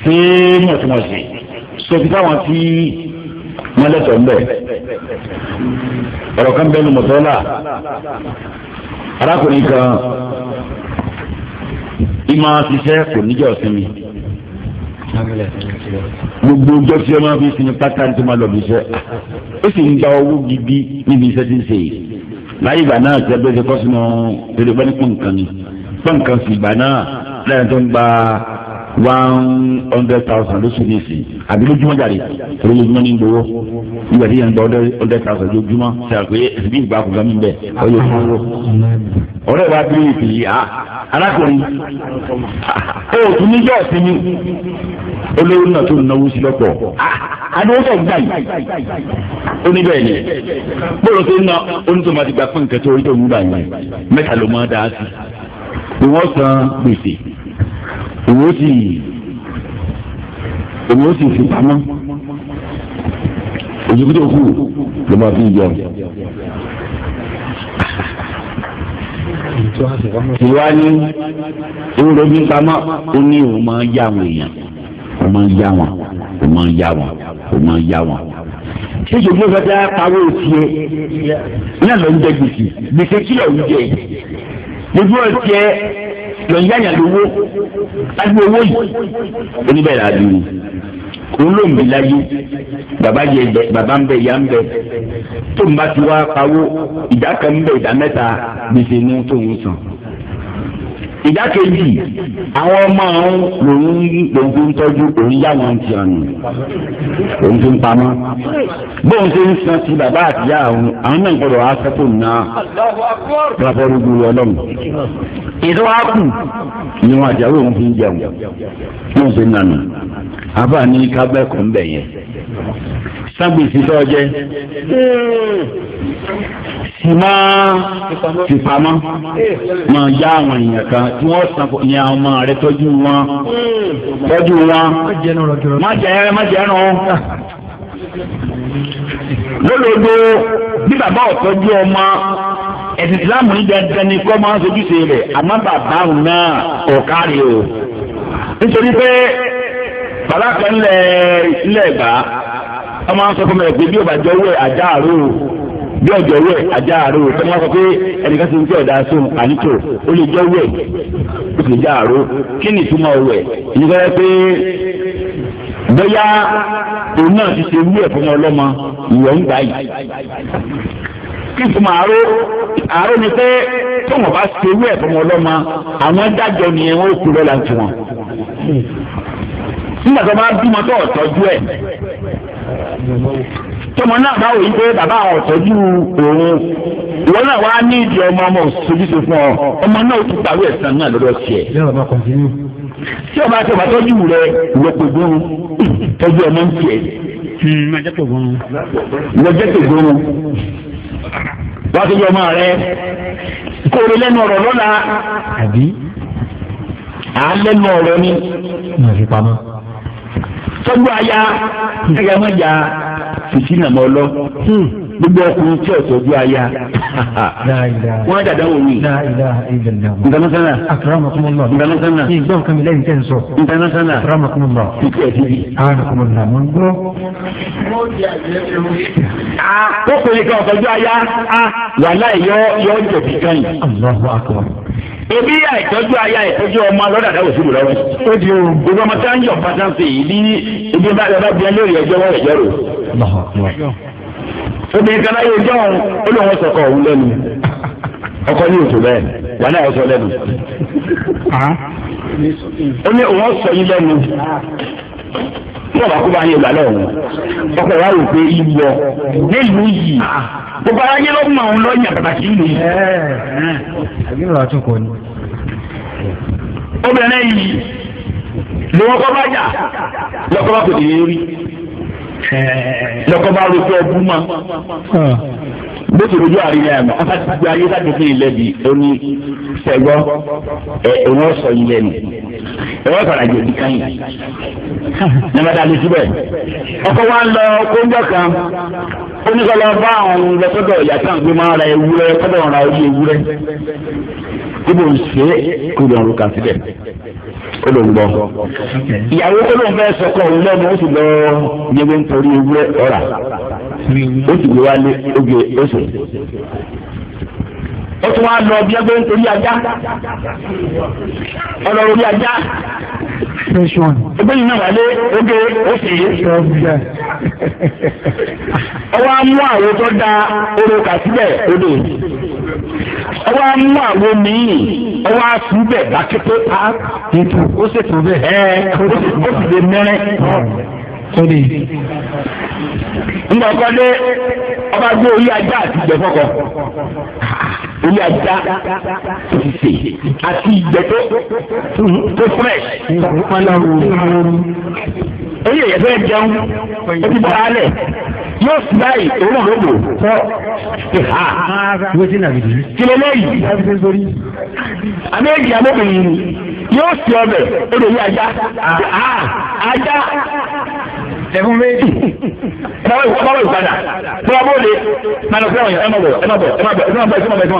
ṣé mọ̀tìmọ̀sì sọfí táwọn tí wọn lẹ́tọ̀ ń bẹ̀ ọ̀rọ̀ kan bẹ́ẹ̀ ni mọ̀tọ́lá arákùnrin kan ìmọ̀ ṣiṣẹ́ kò níjọ́ sinmi gbogbo ọjọ́ tí ọmọ fi sinmi pátá tó máa lọ bí iṣẹ́ ó sì ń gba owó gidi níbi iṣẹ́ tí ń ṣe láyé ìgbà náà ti ẹgbẹ́ ṣe kọ́ sínú tẹlifóònù ni pọ̀nkan sì ìgbà náà lẹ́yìn tó ń gba one hundred thousand lóṣù ní ìsìn àbí lójúmọ́ jàre torí lójúmọ́ ní gbowó ìgbà tí yẹn ń gba hundred thousand lójúmọ́ ṣàpè ẹ̀sìn ìgbà kò gbàmí bẹ́ẹ̀ ọyọ fún owó. ọ̀rẹ́ wa bí ìpìlì à alákùnrin ah, ó tún níjọ́ ìsinmi olówó náà tó náwó sí lọ́pọ̀ adéwọ́sọ̀ ah, gbà yìí ó ní bẹ́ẹ̀ ni bóòlù tó ná onítọ̀mọ́ ti gbà fún nǹkan tó orí tó ń gbà yìí mẹ́ta ló máa dá sí i wọ́n san gbèsè èmi ó sì fi pamọ́ òjòkó tó kù ló máa fi jẹun. ìwádìí ewúro bí pamọ́ ó ní òun máa ń yá àwọn èèyàn òun máa ń yá wọn òun máa ń yá wọn òun máa ń yá wọn tíjú bí fẹ́ dáa pawó tiẹ̀ náà ló ń jẹ gbèsè gbèsè kí ló ń jẹ gbogbo ẹ̀ tiẹ̀ lọ ń yáyàn lówó láti owó yìí oníbẹ̀rẹ̀ àdúró òun ló ń bi láyé bàbá yẹ bẹ bàbá ń bẹ ìyá ń bẹ tó ń bá ti wá pawó ìdá kan ń bẹ ìdá mẹ́ta gbèsè ní tó ń sàn ìyá kejì àwọn ọmọ àwọn lòun lòun fi ń tọ́jú òun yá wọn ti ọ̀nà òun fi ń pamọ́ bóun ti ń san ti bàbá àtìyá àwọn àwọn náà gbọdọ̀ wá sẹ́kù náà rábọ́rú gbúrú ọlọ́run ìdó wa kù ni wọn àjàwé òun fi ń jẹun bóun fi ń nànà àbá ní kábẹ́ẹ̀kọ́ ń bẹ̀ yẹn sábìsì tó jẹ sì máa fìpamọ́ máa já àwọn èèyàn kan tí wọ́n san ìyẹn àwọn ọmọ rẹ tọ́jú wọn tọ́jú wọn má jẹ ẹran má jẹ ẹran lólobó bí bàbá ọ̀tọ́jú ọmọ ẹ̀sìn ìsìláàmù ní dandan ni kọ́ máa ń sojúṣe rẹ̀ àmọ́ bàbá òun náà ọ̀kárí o nítorí pé bàbá kan lẹ̀ ilẹ̀ ẹ̀gbá ọmọ àwọn sọ fún mi pé bí ọba jọ wẹ̀ ajá àrò bí ọjọ́ wẹ̀ ajá àrò tó máa sọ pé ẹnìkan ti ń tẹ́ ọ̀dà sóhun àníkò ó lè jọ wẹ̀ ó sì já àrò kí ni ìtumọ̀ wẹ̀ ìyíká yẹ pé bóyá òun náà ti ṣe wí ẹ̀fọn ọlọ́mọ ìwọ̀ ń gbà yìí kí ìtumọ̀ àrò àrò ni pé tó bá ṣe wí ẹ̀fọn ọlọ́mọ àwọn dájọ́ nìyẹn wọn kú lọ́la tiwọn nígbà tó bá bímọ tó ọ̀tọ́jú ẹ̀ tọmọ náà bá wòye pé bàbá ọ̀tọ́jú òun ìwọ náà wá ní ìdí ọmọ ọmọ òṣèlú fún ọ ọmọ náà ó ti gbàwé ẹ̀sán náà lọ́dọ̀ tiẹ̀ tí ọba tí ọba tọ́jú rẹ lọ́pọ̀gbọ́n tọ́jú ọmọ ń tiẹ̀ lọ́jọ́ tó gbọ́n wá tọ́jú ọmọ rẹ kó lẹ́nu ọ̀rọ̀ lọ́la àlẹ́nu ọ̀rọ̀ ni tọ́jú aya ẹ̀yà má ya fìtínà mọ́ lọ hmm. gbogbo ọkùnrin tí ọ̀tọ́jú aya wọ́n dàda wò mí. international international international pípẹ́ tv. kókòrè kan ọ̀tọ́jú aya ah, wàhálà yọ yọ jẹ̀bi kan yìí ebi yà ìtọ́jú aya ìtọ́jú ọmọ lọ́dà dáwọ̀ síbi lọ́rùn. ó di o. gbogbo ọmọ tí wọ́n ń yọ̀ pátá sí i ní ibi bá bá bí ẹni lórí ẹjọ́ wọ́n ẹjọ́ rò. obìnrin kan láyé ẹjọ́ ọ̀hún ó lóun sọ̀kọ̀ ọ̀hún lẹ́nu ọkọ ní òtò bẹ́ẹ̀ wà náà ọ̀sọ̀ lẹ́nu. Ah. ó ní òun ọ̀sọ̀ yín lẹ́nu tí ọba kó bá yẹ ìgbà lọ́wọ́ ọkọ wa rò pé ìwọ nílùú yìí gbogbo aráyé ló mọ òun lọ́yìn àbàbàkì ìlú yìí. obìnrin yìí ni wọn kọ́ bá jà lọ́kọ́ bá kò dé rí lọ́kọ́ bá ro pé ọdún mọ́ bó ti rojú àríyá ẹ̀ mọ́ afásitì ayé láti fi ilẹ̀ bi oní sẹ́gbọ́ ẹ òun sọ ilẹ̀ nì ẹ̀rọ fàràjò ti kàn yìí nàmẹ́ta lè síbẹ̀ ọkọ̀ wa ń lọ kóńjọ kan oníkọlọ bá àwọn ọmọ ìlọsọdọ̀ ìyàtọ̀ àgbẹ̀mọ́ ara ewúrẹ́ kọ́dọ̀ ọ̀rọ̀ ayé ewúrẹ́ tí mò ń ṣe kó lọ́rùn kan síbẹ̀ ó ló ń gbọ́. ìyàwó tó lóun fẹ́ sọkọ òun lẹ́nu ó sì lọ yẹwé nítorí ewúrẹ́ ọ̀rà ó sì gbé wálé ó gbé ó sì. ó tún wá lọ bí ẹgbẹ́ nítorí ajá orí ajá ẹgbẹ́ yìí oge oṣù yìí ọwọ́ á mú àwo tó da oró kà síbẹ̀ odò ọwọ́ á mú àwo míì ọwọ́ á sùn ó sì tún bẹ̀ sóde nígbà ọkọ dé ọba gbé orí ajá àti ìgbẹ́ fọkọ orí ajá tó ti sè àti ìgbẹ́ tó tó fresh. orí èyẹ fẹ́ jẹun ó ti bọ́ alẹ̀ yóò sì báyìí òun náà ló bò kí ló lẹ́yìn àmì èjì àmọ́bìnrin yóò sì ọbẹ̀ ó lè yí ajá ajá. ẹ̀fún méjì náà ìwọ́n ìpadà tó wá bóde máa lọ sí àwọn èèyàn ẹ bọ̀ bọ̀ bọ̀ bọ̀ bọ̀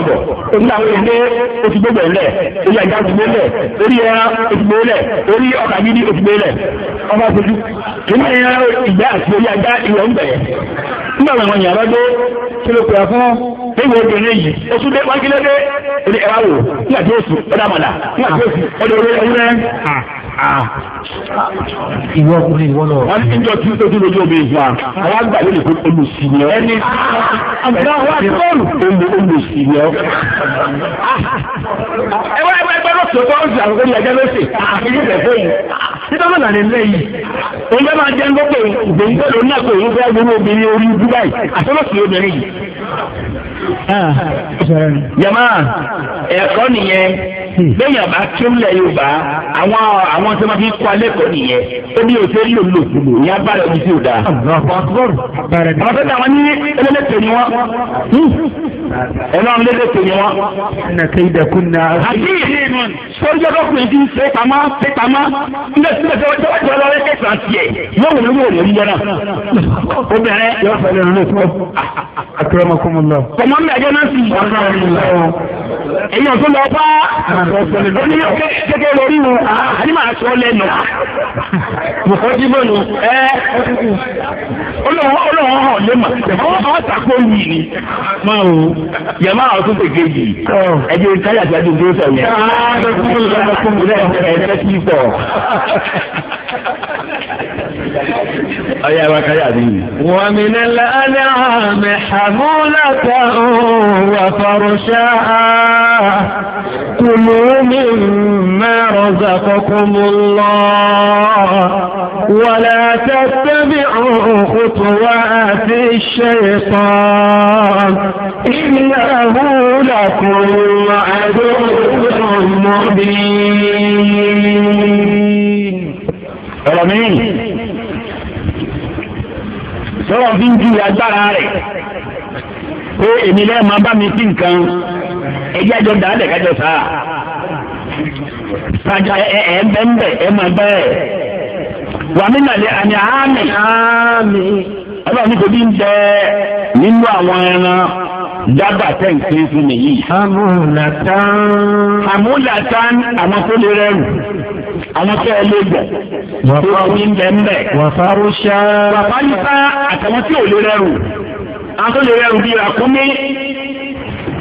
bọ̀ lẹ̀ orí lẹ̀ orí ẹran lẹ̀ orí ọkà gidi lẹ̀ obìnrin yìí oṣù wákìlẹ́dẹ́ ẹ̀rọ nígbà tí nígbà tí ìwọ ọkùnrin ìwọ náà. wọ́n ní ìjọ tí tó tún lójú omi ìwà àwọn àgbà lè kó olùsìnìọ́. ẹni àgbà wa tọ́lù. olùsìnìọ́. ẹ wá ẹgbẹ́ ẹgbẹ́ lọ́sọ̀ tó ń sọ àwọn orí ẹgbẹ́ lọ́sẹ̀. àkíyè rẹ̀ fẹ́ yìí. nítorí wọn lànà ilé yìí. òun bẹ́ẹ̀ máa jẹ́ ń gbọ́pẹ̀ ìgbéyìí tó náà kò ní fẹ́ gbogbo obìnrin orí dubai àtọ́lọ́sì obìnrin yìí. yàmá ẹ̀kọ́ nìyẹn lẹ́yìn hmm. àbá tó ń lẹ̀ yorùbá àwọn àwọn àwọn tí wọn fi kọ alẹ́ kọ́ nìyẹn ebi ò ṣe lò lò kúlò ní abára omi tí ò dáa. àwọn tó dáwọn ní ẹlẹ́lẹ́tẹ̀ ni wọ́n ẹlọ́run lẹ́lẹ́tẹ̀ ni wọ́n. àti sọ́jú ọkùnrin ti ń ṣe pamọ́ ṣe pamọ́ nígbà tí wọ́n ti wọ́n ti wọ́n lọ́wọ́ kẹsàn án tiẹ̀ yóò wọlé wọ́n lè ń yọ náà. obìnrin yóò fẹ́ lẹ́nu lóko akérèmọkùnmọ́lá. kọ̀mọ́ mi àjọ náà sì yọ. èyí ò tún lọ bá. ó ní kékeré lórí wọn. àní màá sọ lẹ́nu mọ̀kọ́dímọ̀ nù ẹ́ ọlọ́wọ́ hàn lé mà ọwọ́ àwọn yìí ni máa wò yàrá àwọn tó tẹ̀ kéjì ẹ̀jẹ̀ káyà tí a ti dúró sọ̀rọ̀ yẹn. ẹ̀ẹ́dẹ́ tí pọ̀ ọyá wa káyà ni. wọ́n mi ní lálẹ́ àmì hàmúlẹ̀ tẹ̀ ń wà fọ̀rọ̀ وكلوا مما رزقكم الله ولا تتبعوا خطوات الشيطان إنه لكم عدو مبين آمين sọ́wọ́n fi ń ju agbára rẹ̀ pé èmi lẹ́ẹ̀ máa bá mi sí nǹkan ẹjẹ́ àjọ dàálẹ̀ kájọ sá kájọ ẹ ẹ ẹ máa bẹ́ẹ̀ wàmí nàlẹ́ àmì àmì àmì ọlọ́run ní kò bí ń bẹ nínú àwọn ẹran dábàá tẹ̀sí fún mi yìí. Amúlàtán. Amúlàtán àwọn tó lè rẹrù. Àwọn tó ẹ lè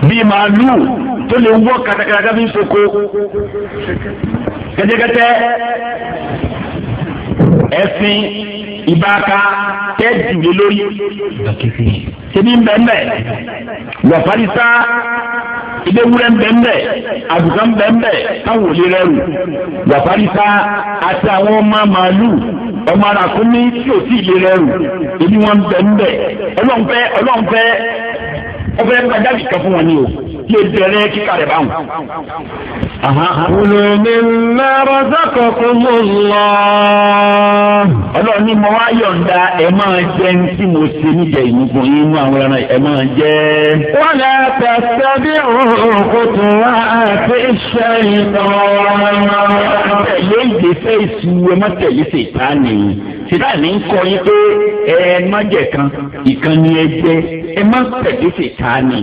bíi màálù tó lè wọ́ kàtàkàtà fi ń soko kẹ́tẹ́kẹ́tẹ́ ẹ̀sìn ìbáka tẹ́jú lé lórí tẹ́bí ń bẹ̀ ń bẹ̀ lọ́fàdísá ilé wúrẹ́ ń bẹ̀ ń bẹ̀ àbùkà ń bẹ̀ ń bẹ̀ táwọn òlé rẹ̀ rù lọ́fàdísá àti àwọn ọmọ màálù ọmọ arákùnrin tí ò sí ilé rẹ̀ rù ebi wọn ń bẹ̀ ń bẹ̀ ọlọ́nfẹ́ ọlọ́nfẹ́ ọbẹ̀ kájáde kan fún wọn ni o kí o bẹ̀rẹ̀ kíkà rẹ̀ báwọn. Kùlù mi mẹ́rọ sọ́kọ̀ kó mú lọ. Ọlọ́run ní mo wá yọ̀ǹda ẹ máa jẹ ní tí mo ṣe níjẹ ìmúkun yín mú àwọn ẹran ẹ máa jẹ. Wọ́n lè tẹ̀sẹ̀ bí òkú tó wá àti iṣẹ́ ìtọ́. Tẹ̀lé ìgbésẹ̀ ìṣú ẹ má tẹ̀lé ṣètánì. Ṣètánì ń kọ yín pé ẹ má jẹ kan, ìkànnì ẹ jẹ, ẹ má tẹ̀lé ṣètánì.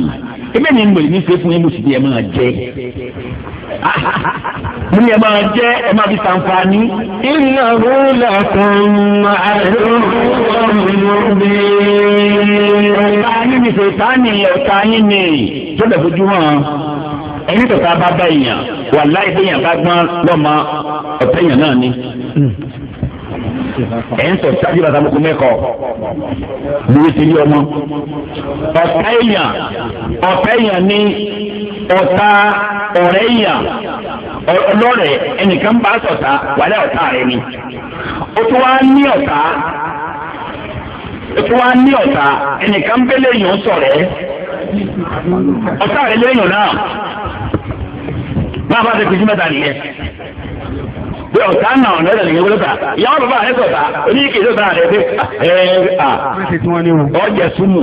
Ebe ni mo ní ṣe fún yín mo sì ní ẹ máa jẹ ní ẹ máa jẹ́ ẹ máa fi sàǹfààní. iná rúlà kan àdúrógbé. ọ̀tá yín ni ṣètánì ọ̀tá yín ni tó lè fojú hàn ẹni tó ta bá bá èèyàn wà láì déèyàn bá gbọ́n lọ́mọ ọ̀tá èèyàn náà ni ẹ̀ ń sọ sáájú bàtà lóko mẹ́kọ̀ lórí ti rí ọmọ ọ̀pẹ́ èèyàn ọ̀pẹ́ èèyàn ní ọ̀tá ọ̀rẹ́ yìyà ọlọ́rẹ̀ ẹnìkan bá sọ̀tá wàlẹ́ ọ̀tá rẹ̀ ni. ó tún wá ní ọ̀tá ó tún wá ní ọ̀tá ẹnìkan bẹ́lẹ̀ èèyàn sọ̀rẹ́ ọ̀tá rẹ̀ lẹ́yìn náà. bá a bá ti pèsè mẹ́ta nìyẹn bí ọ̀tá náà ọ̀nà ẹ̀dá nìyẹn wọlọ́ta ìyàwó bàbá rẹ̀ sọ̀tà oníyìí kìí sọ̀tà rẹ̀ pé ẹ à ọjà súnmù.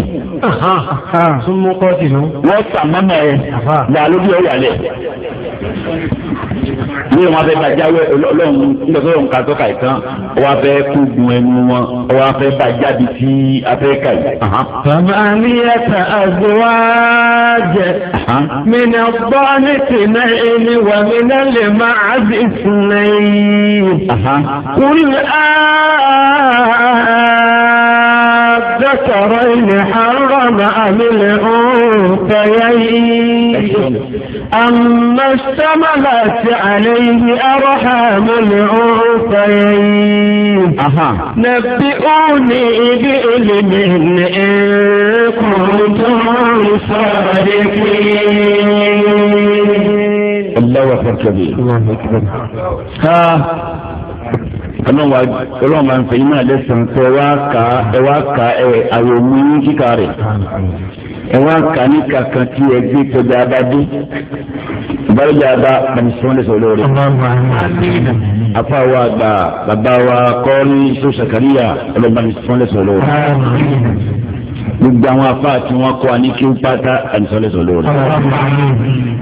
súnmù kọ́ ti nù. wọ́n sàmọ́nà ẹ̀ làlóbi ọ̀yà lẹ̀ ní wọn fẹ́ bàjáwé Ọlọ́run nígbàtọrọ nǹkan tó kàì tán wọn fẹ́ kúgun ẹnu wọn wọn fẹ́ bàjáde tí a fẹ́ kàì. bàbá mi yẹ ká àgbọ̀wá jẹ mí nà bọ́ ní tìǹà ẹni wà mí nà lè má àbí sinmi. قل أذكرين حرم أم الأنثيين أما اشتملت عليه أرحام الأنثيين نبئوني بعلم إن كنتم صادقين Allahu akbar kabir. ká ọlọ́run máa ń fẹ́ iná lẹ́sàn-án tó ẹ wá ka ẹ wá ka ẹ àwòmú yín kíkà rẹ̀ ẹ wá ka ní kankan tí ẹ gbé tọ́jú abadé ìbálòjá bá àmìsàn lẹ́sọ̀ lórí. afáwa àgbà bàbá wa kọ́rí sọ́sàkàríyà ẹ̀rọ àmìsàn lẹ́sọ̀ lórí gbogbo àwọn afá tí wọn kọ ní kí n pátá ànisọ́lẹ́sọ lórí.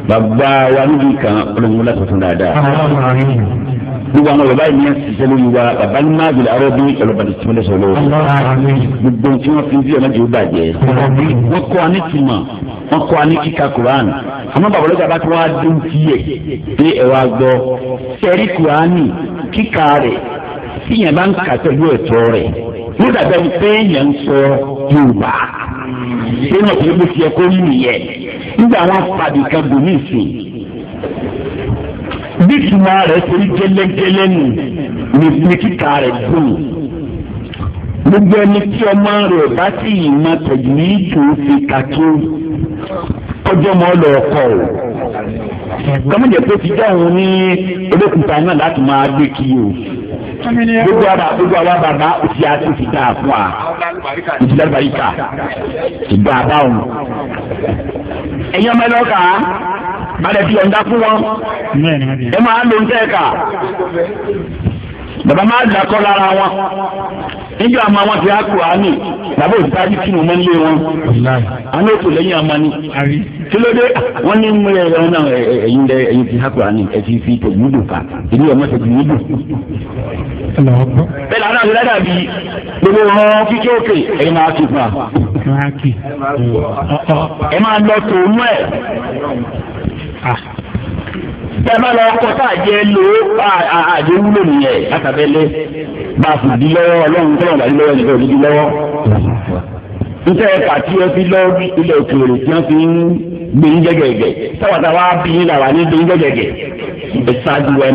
bàbá wa níbi kan olóńgbò láti fún dáadáa. gbogbo àwọn bàbá yìí ní ṣiṣẹ́ lórí wa bàbá ní máa gbèlè arọ́bí ọlọ́ba ti tún lẹ́sọ lórí. gbogbo tí wọ́n fi ń bí ọlọ́jì ó bàjẹ́. wọ́n kọ́ ní tìmọ̀ wọ́n kọ́ ní kíka Quran. àmọ́ bàbá lọ́jà bá tí wọ́n á dé ti yẹ pé ẹ wá gbọ́ sẹ́rí Quran kíka rẹ̀ tíyẹn bá ń kà ẹ̀tọ́ rẹ̀ yóò dàbẹ̀ ní pé èèyàn ń sọ yorùbá nínú ọ̀sẹ̀ bó ti yẹ kó rí nìyẹn nígbà wọn pàdé kan gò ní ìsìn bí ìtumọ̀ rẹ̀ torí gẹ́lẹ́gẹ́lẹ́ nù ní kíkà rẹ̀ dùn gbogbo ẹni tí ọmọ rẹ̀ bá sì mọ tẹ̀jú ní ìtò fi kàtó ọjọ́ mọ́ lọ ọkọ̀ o kọ́mọ̀jẹ̀ tó ti jẹ́ ní olókùúta náà láti máa gbé kí o gbogbo àwa gbogbo àwa bàbá òsì àti òsì dáa fún wa òsì lálùbáríkà ìgbà àbáwọn. ẹ̀yin ọmọ ẹlọ́ka balẹ̀ fi ọ̀ǹda fún wọn ẹ máa lo ń tẹ́ ẹ̀ka bàbá máa dàkọ́ lára wọn. níjọ́ ma wọn ti àkó àánì bàbá òtítà bí kí ni wọ́n lé wọn. àánì ètò ni. kí ló dé wọ́n ní mú náà dẹ ẹyin ti àkó àánì ẹ̀ ti fi tòjú dùn ka ìlú ọmọ tòjú yìí dùn. bíi gbogbo wọn kíkẹ́ òkè ẹ̀yin máa kí fún wa. ẹ máa lọ tẹ bá lọ kọ tá àjẹ lo àjẹ wúlò nìyẹn látàbẹ́lẹ́ bá a fò di lọ́wọ́ ọlọ́run tó wà lọ́wọ́ ẹni tó di lọ́wọ́. nítorí ẹ̀ka tí wọ́n fi lọ ilẹ̀ òkèèrè tí wọ́n fi ń gbé ní gẹ́gẹ́gẹ́ bí ní gbé ní gẹ́gẹ́gẹ́ ẹ ṣáájú fún wa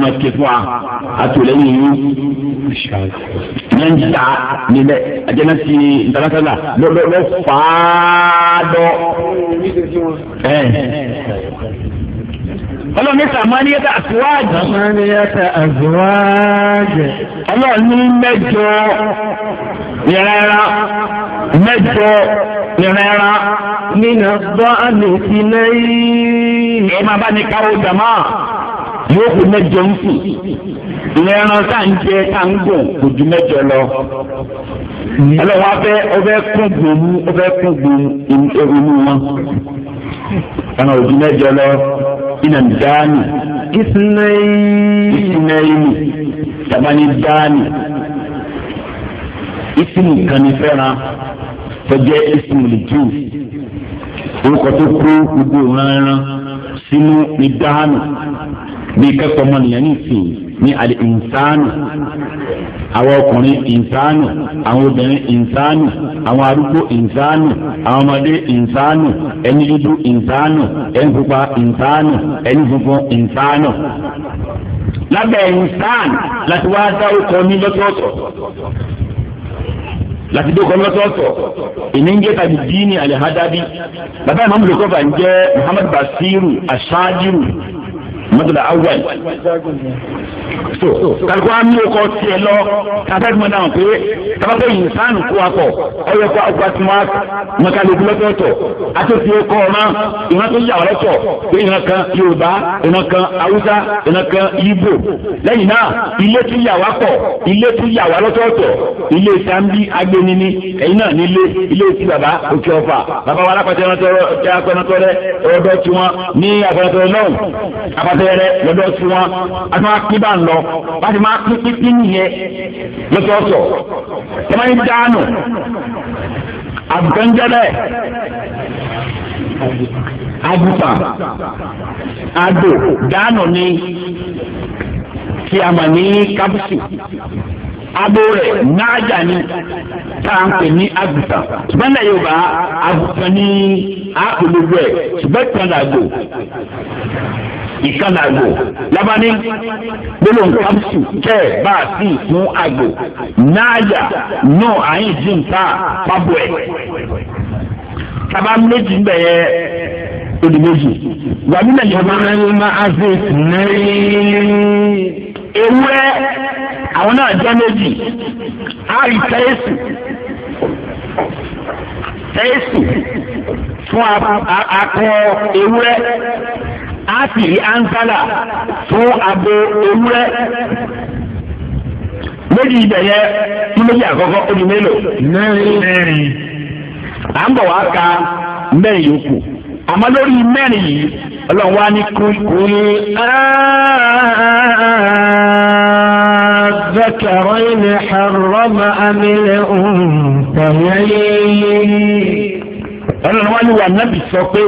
yín ń ta nílẹ̀ ọlọ́run ní sàmániyàtà àtiwáàjì. sàmániyàtà àtiwáàjì. ọlọ́run ní mẹ́jọ ìrẹ́ra mẹ́jọ ìrẹ́ra. nínú bọ́ àmì ìsinmi. ẹ máa bá ní káwọ́ jàmá yóò kú mẹ́jọ ń sùn ìrẹ́ra tá à ń jẹ tá à ń gùn kò ju mẹ́jọ lọ. ọlọ́run afẹ́ ọbẹ̀ kún gbòmù ọbẹ̀ kún gbòmù inú wọn. ọ̀nà òjú mẹ́jọ lọ ina dani isnaini isnaini tabani dani isimu kan ni fẹ́ràn tó jẹ́ isimu lè jù orúkọ tó kó gbogbo ìran ẹran sínú ìdáhànù bí kẹ́kọ̀ọ́ ọmọnìyàn ní ìsìn yìí ní àlè ìnsáànù àwọn ọkùnrin ìnsáànù àwọn obìnrin ìnsáànù àwọn arúgbó ìnsáànù àwọn ọmọdé ìnsáànù ẹni dúdú ìnsáànù ẹni pupa ìnsáànù ẹni funfun ìnsáànù. lábẹ́ ìnsáànù láti wá dá ọkọ ní lọ́tọ̀ọ̀tọ̀ láti dókọ̀ lọ́tọ̀ọ̀tọ̀ ìní ń jẹ́ tàbí díínì àlè hádábí bàbá ìmọ̀ mi lókọ́ bá Basiru aṣáájú mọ́tòlá awẹ́l. so kálukú àmì ọkọ tiẹ̀ lọ kásẹ́tì mọ́ náà pé tabakẹ́ yìí sánù kú akọ ọyọ kó akọ tí wọ́n mọ́kàlùkù lọ́tọ̀ọ̀tọ̀ àtòsí ẹ̀kọ́ ọ̀ma ìran tó yà ọ̀lọ́tọ̀ pé ìran kan yorùbá ìran kan haúsá ìran kan ibo lẹ́yìn náà ilé tún yà wá pọ̀ ilé tún yà wá lọ́tọ̀ọ̀tọ̀ ilé sanbi agbẹnini ẹ̀yin náà nílé ilé ti bàbá òkè ọ̀fà bàbá wa alápàtẹ́ ẹ̀rọ tẹ́ abẹ́rẹ́ lọ́dọ̀ sí wọn àti wọn kí bá ń lọ ti máa pín pínpín nìyẹn lọ́sọ̀ọ̀sọ̀ ẹ máa ń dáánù àbùkánjẹ́lẹ̀ àgùpà àdò dáánù ni tí a mà ní abo rẹ ni ìkànnì àgbò lábání gbólóhùn kápsù kẹ bá a sì fún àgbò náàyà náà àyìn jí nǹka pàbọ ẹ taba méjì ń bẹ yẹ odi méjì wà nínú ẹ̀yọ́ bá rẹ̀ ma á fi mẹ́rin ewúrẹ́ àwọn náà jẹ́ méjì á rí tẹ́ẹ̀sì tẹ́ẹ̀sì fún akọ ewúrẹ́. á sì rí ánsálà fún abo ewúrẹ́ méjì ibẹ̀ yẹn tí méjì àkọ́kọ́ ó mélòó. mẹ́rin. à ń bọ̀ wá ka mẹ́rin yòókù àmọ́ lórí mẹ́rin yìí ọlọ́run wá ní ذكرين حرم أم الأنثيين ọlọ́run wá ní wà nábì sọ pé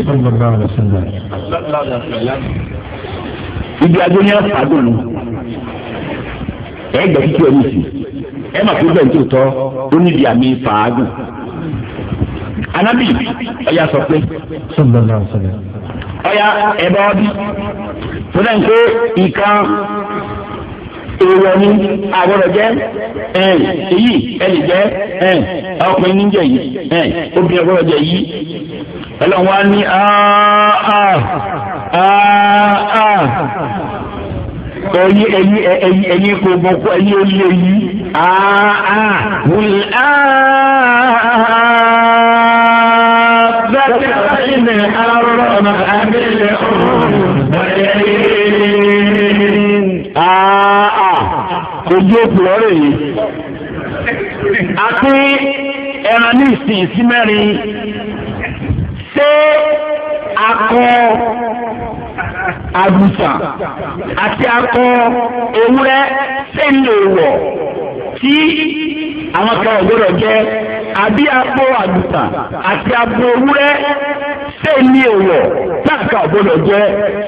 ibi agbóni àfàdùn ẹ gbẹ kíkí ẹni sí ẹ mà kó bẹ́ẹ̀ tó tọ́ ó níbi àmì fàádùn anabi ọya sọ pé ọya ẹ bá wá bí tó dẹ́n pé ìkan èèwọ̀ ni àbọ̀rọ̀ jẹ́ èyí ẹnì jẹ́ ọkùnrin níjẹ yìí obìnrin àbọ̀rọ̀ jẹ́ yìí ọlọ́run wa ní ẹyin ẹyin ẹyin ẹyin kò mọ kó ẹyin ó lé yìí wùl bẹ́ẹ̀ ni ọlọ́run ọ̀nà àbí. ojú òpùrọ̀ rẹ̀ yìí. àti ẹran ní ìsìn sí mẹ́rin ṣé akọ àgùntàn àti akọ ewúrẹ́ ṣé ń lè wọ̀ tí àwọn kan ò gbọ́dọ̀ jẹ́ àbí abo àgùntàn àti abo ewúrẹ́ ṣé ní òwò sáàkà ọ̀gbọ́dọ̀ jẹ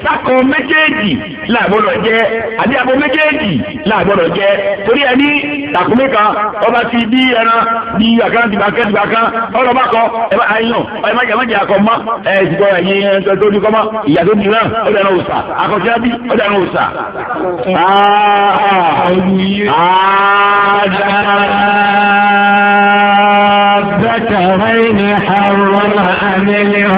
sáàkà méjèèjì làgbọ́dọ̀ jẹ àbí abo méjèèjì làgbọ́dọ̀ jẹ torí ẹni tàkùnmí kan ọba ti bí ẹran bí àkàrà ti bàkẹ́ ti bàkàn ọ̀rọ̀ bá kọ ẹ bá àyàn ẹ má jẹ ẹ má jẹ akọ mọ ẹ ti gbọ́ ẹyin ẹ tó di kọ́ mọ ìyá tó di náà ó dànù òòsà akọ̀ṣẹ́ bí ó dànù òòsà. Ah, ah, ah, ah, ah, ah, ah, ah, ah, الذكرين حرم أم الأنثيين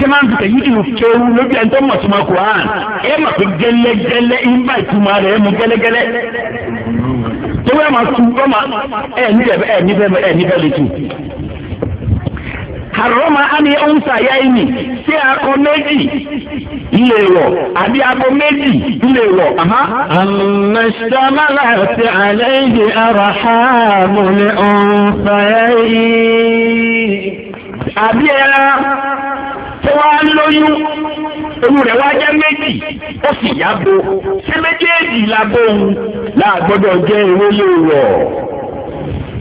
tí máa ń fi tẹ̀yí ìlú kéwú lóbi ẹni tó mọ̀ sí máa Kùránì ẹ máa fi gẹ́lẹ́gẹ́lẹ́ ìmbà ìtumọ̀ rẹ̀ mu gẹ́lẹ́gẹ́lẹ́ tó wẹ́n máa tu ẹ máa níbẹ̀ ẹ níbẹ̀ ẹ níbẹ̀ lè tu haroma ani onsa ya ini ṣé akọ méjì ilé wọ àbí akọ méjì ilé wọ. àmọ́ ṣàmàlà ti àlẹ́yìn arahamu ni onsa ya yìí. àbí ẹran tí wọ́n á lóyún ewu rẹ̀ wá jẹ́ méjì ó sì yá bo ṣé méjèèjì la bóun láàgbọ́dọ̀ jẹ́ ìwé lè wọ̀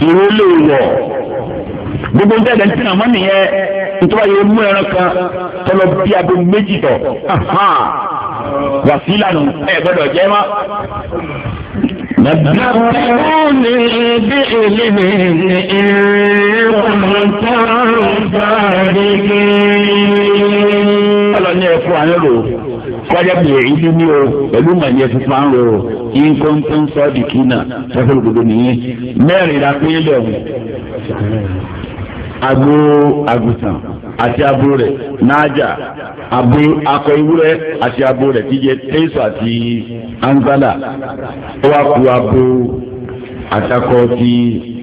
ìwé lè wọ̀ gbogbo ń tẹ̀lé tí nàmọ́ nìyẹn nítorí ayé mú ẹran kan tọ́lọ bí abo méjì tọ̀ wàsílà nù ẹ gbọ́dọ̀ jẹ́ wá. Nàbàrúni bí èlé mi ní ìrìnkùn tó ń bàrí mi. Ọlọ́ni ẹ fún kọ́jà bìrì ìlú ní o pẹ̀lú màní ẹ̀fún máa ń rò ó nǹkan tó ń sọ ọ́ nìyí mẹ́rin la pín lẹ́wọ̀n. agbo àgùntàn àti abo rẹ̀ nájà abo akọ rẹ àti abo rẹ̀ tíjẹ tẹsán àti anzala o wa ku abo àtakọ ti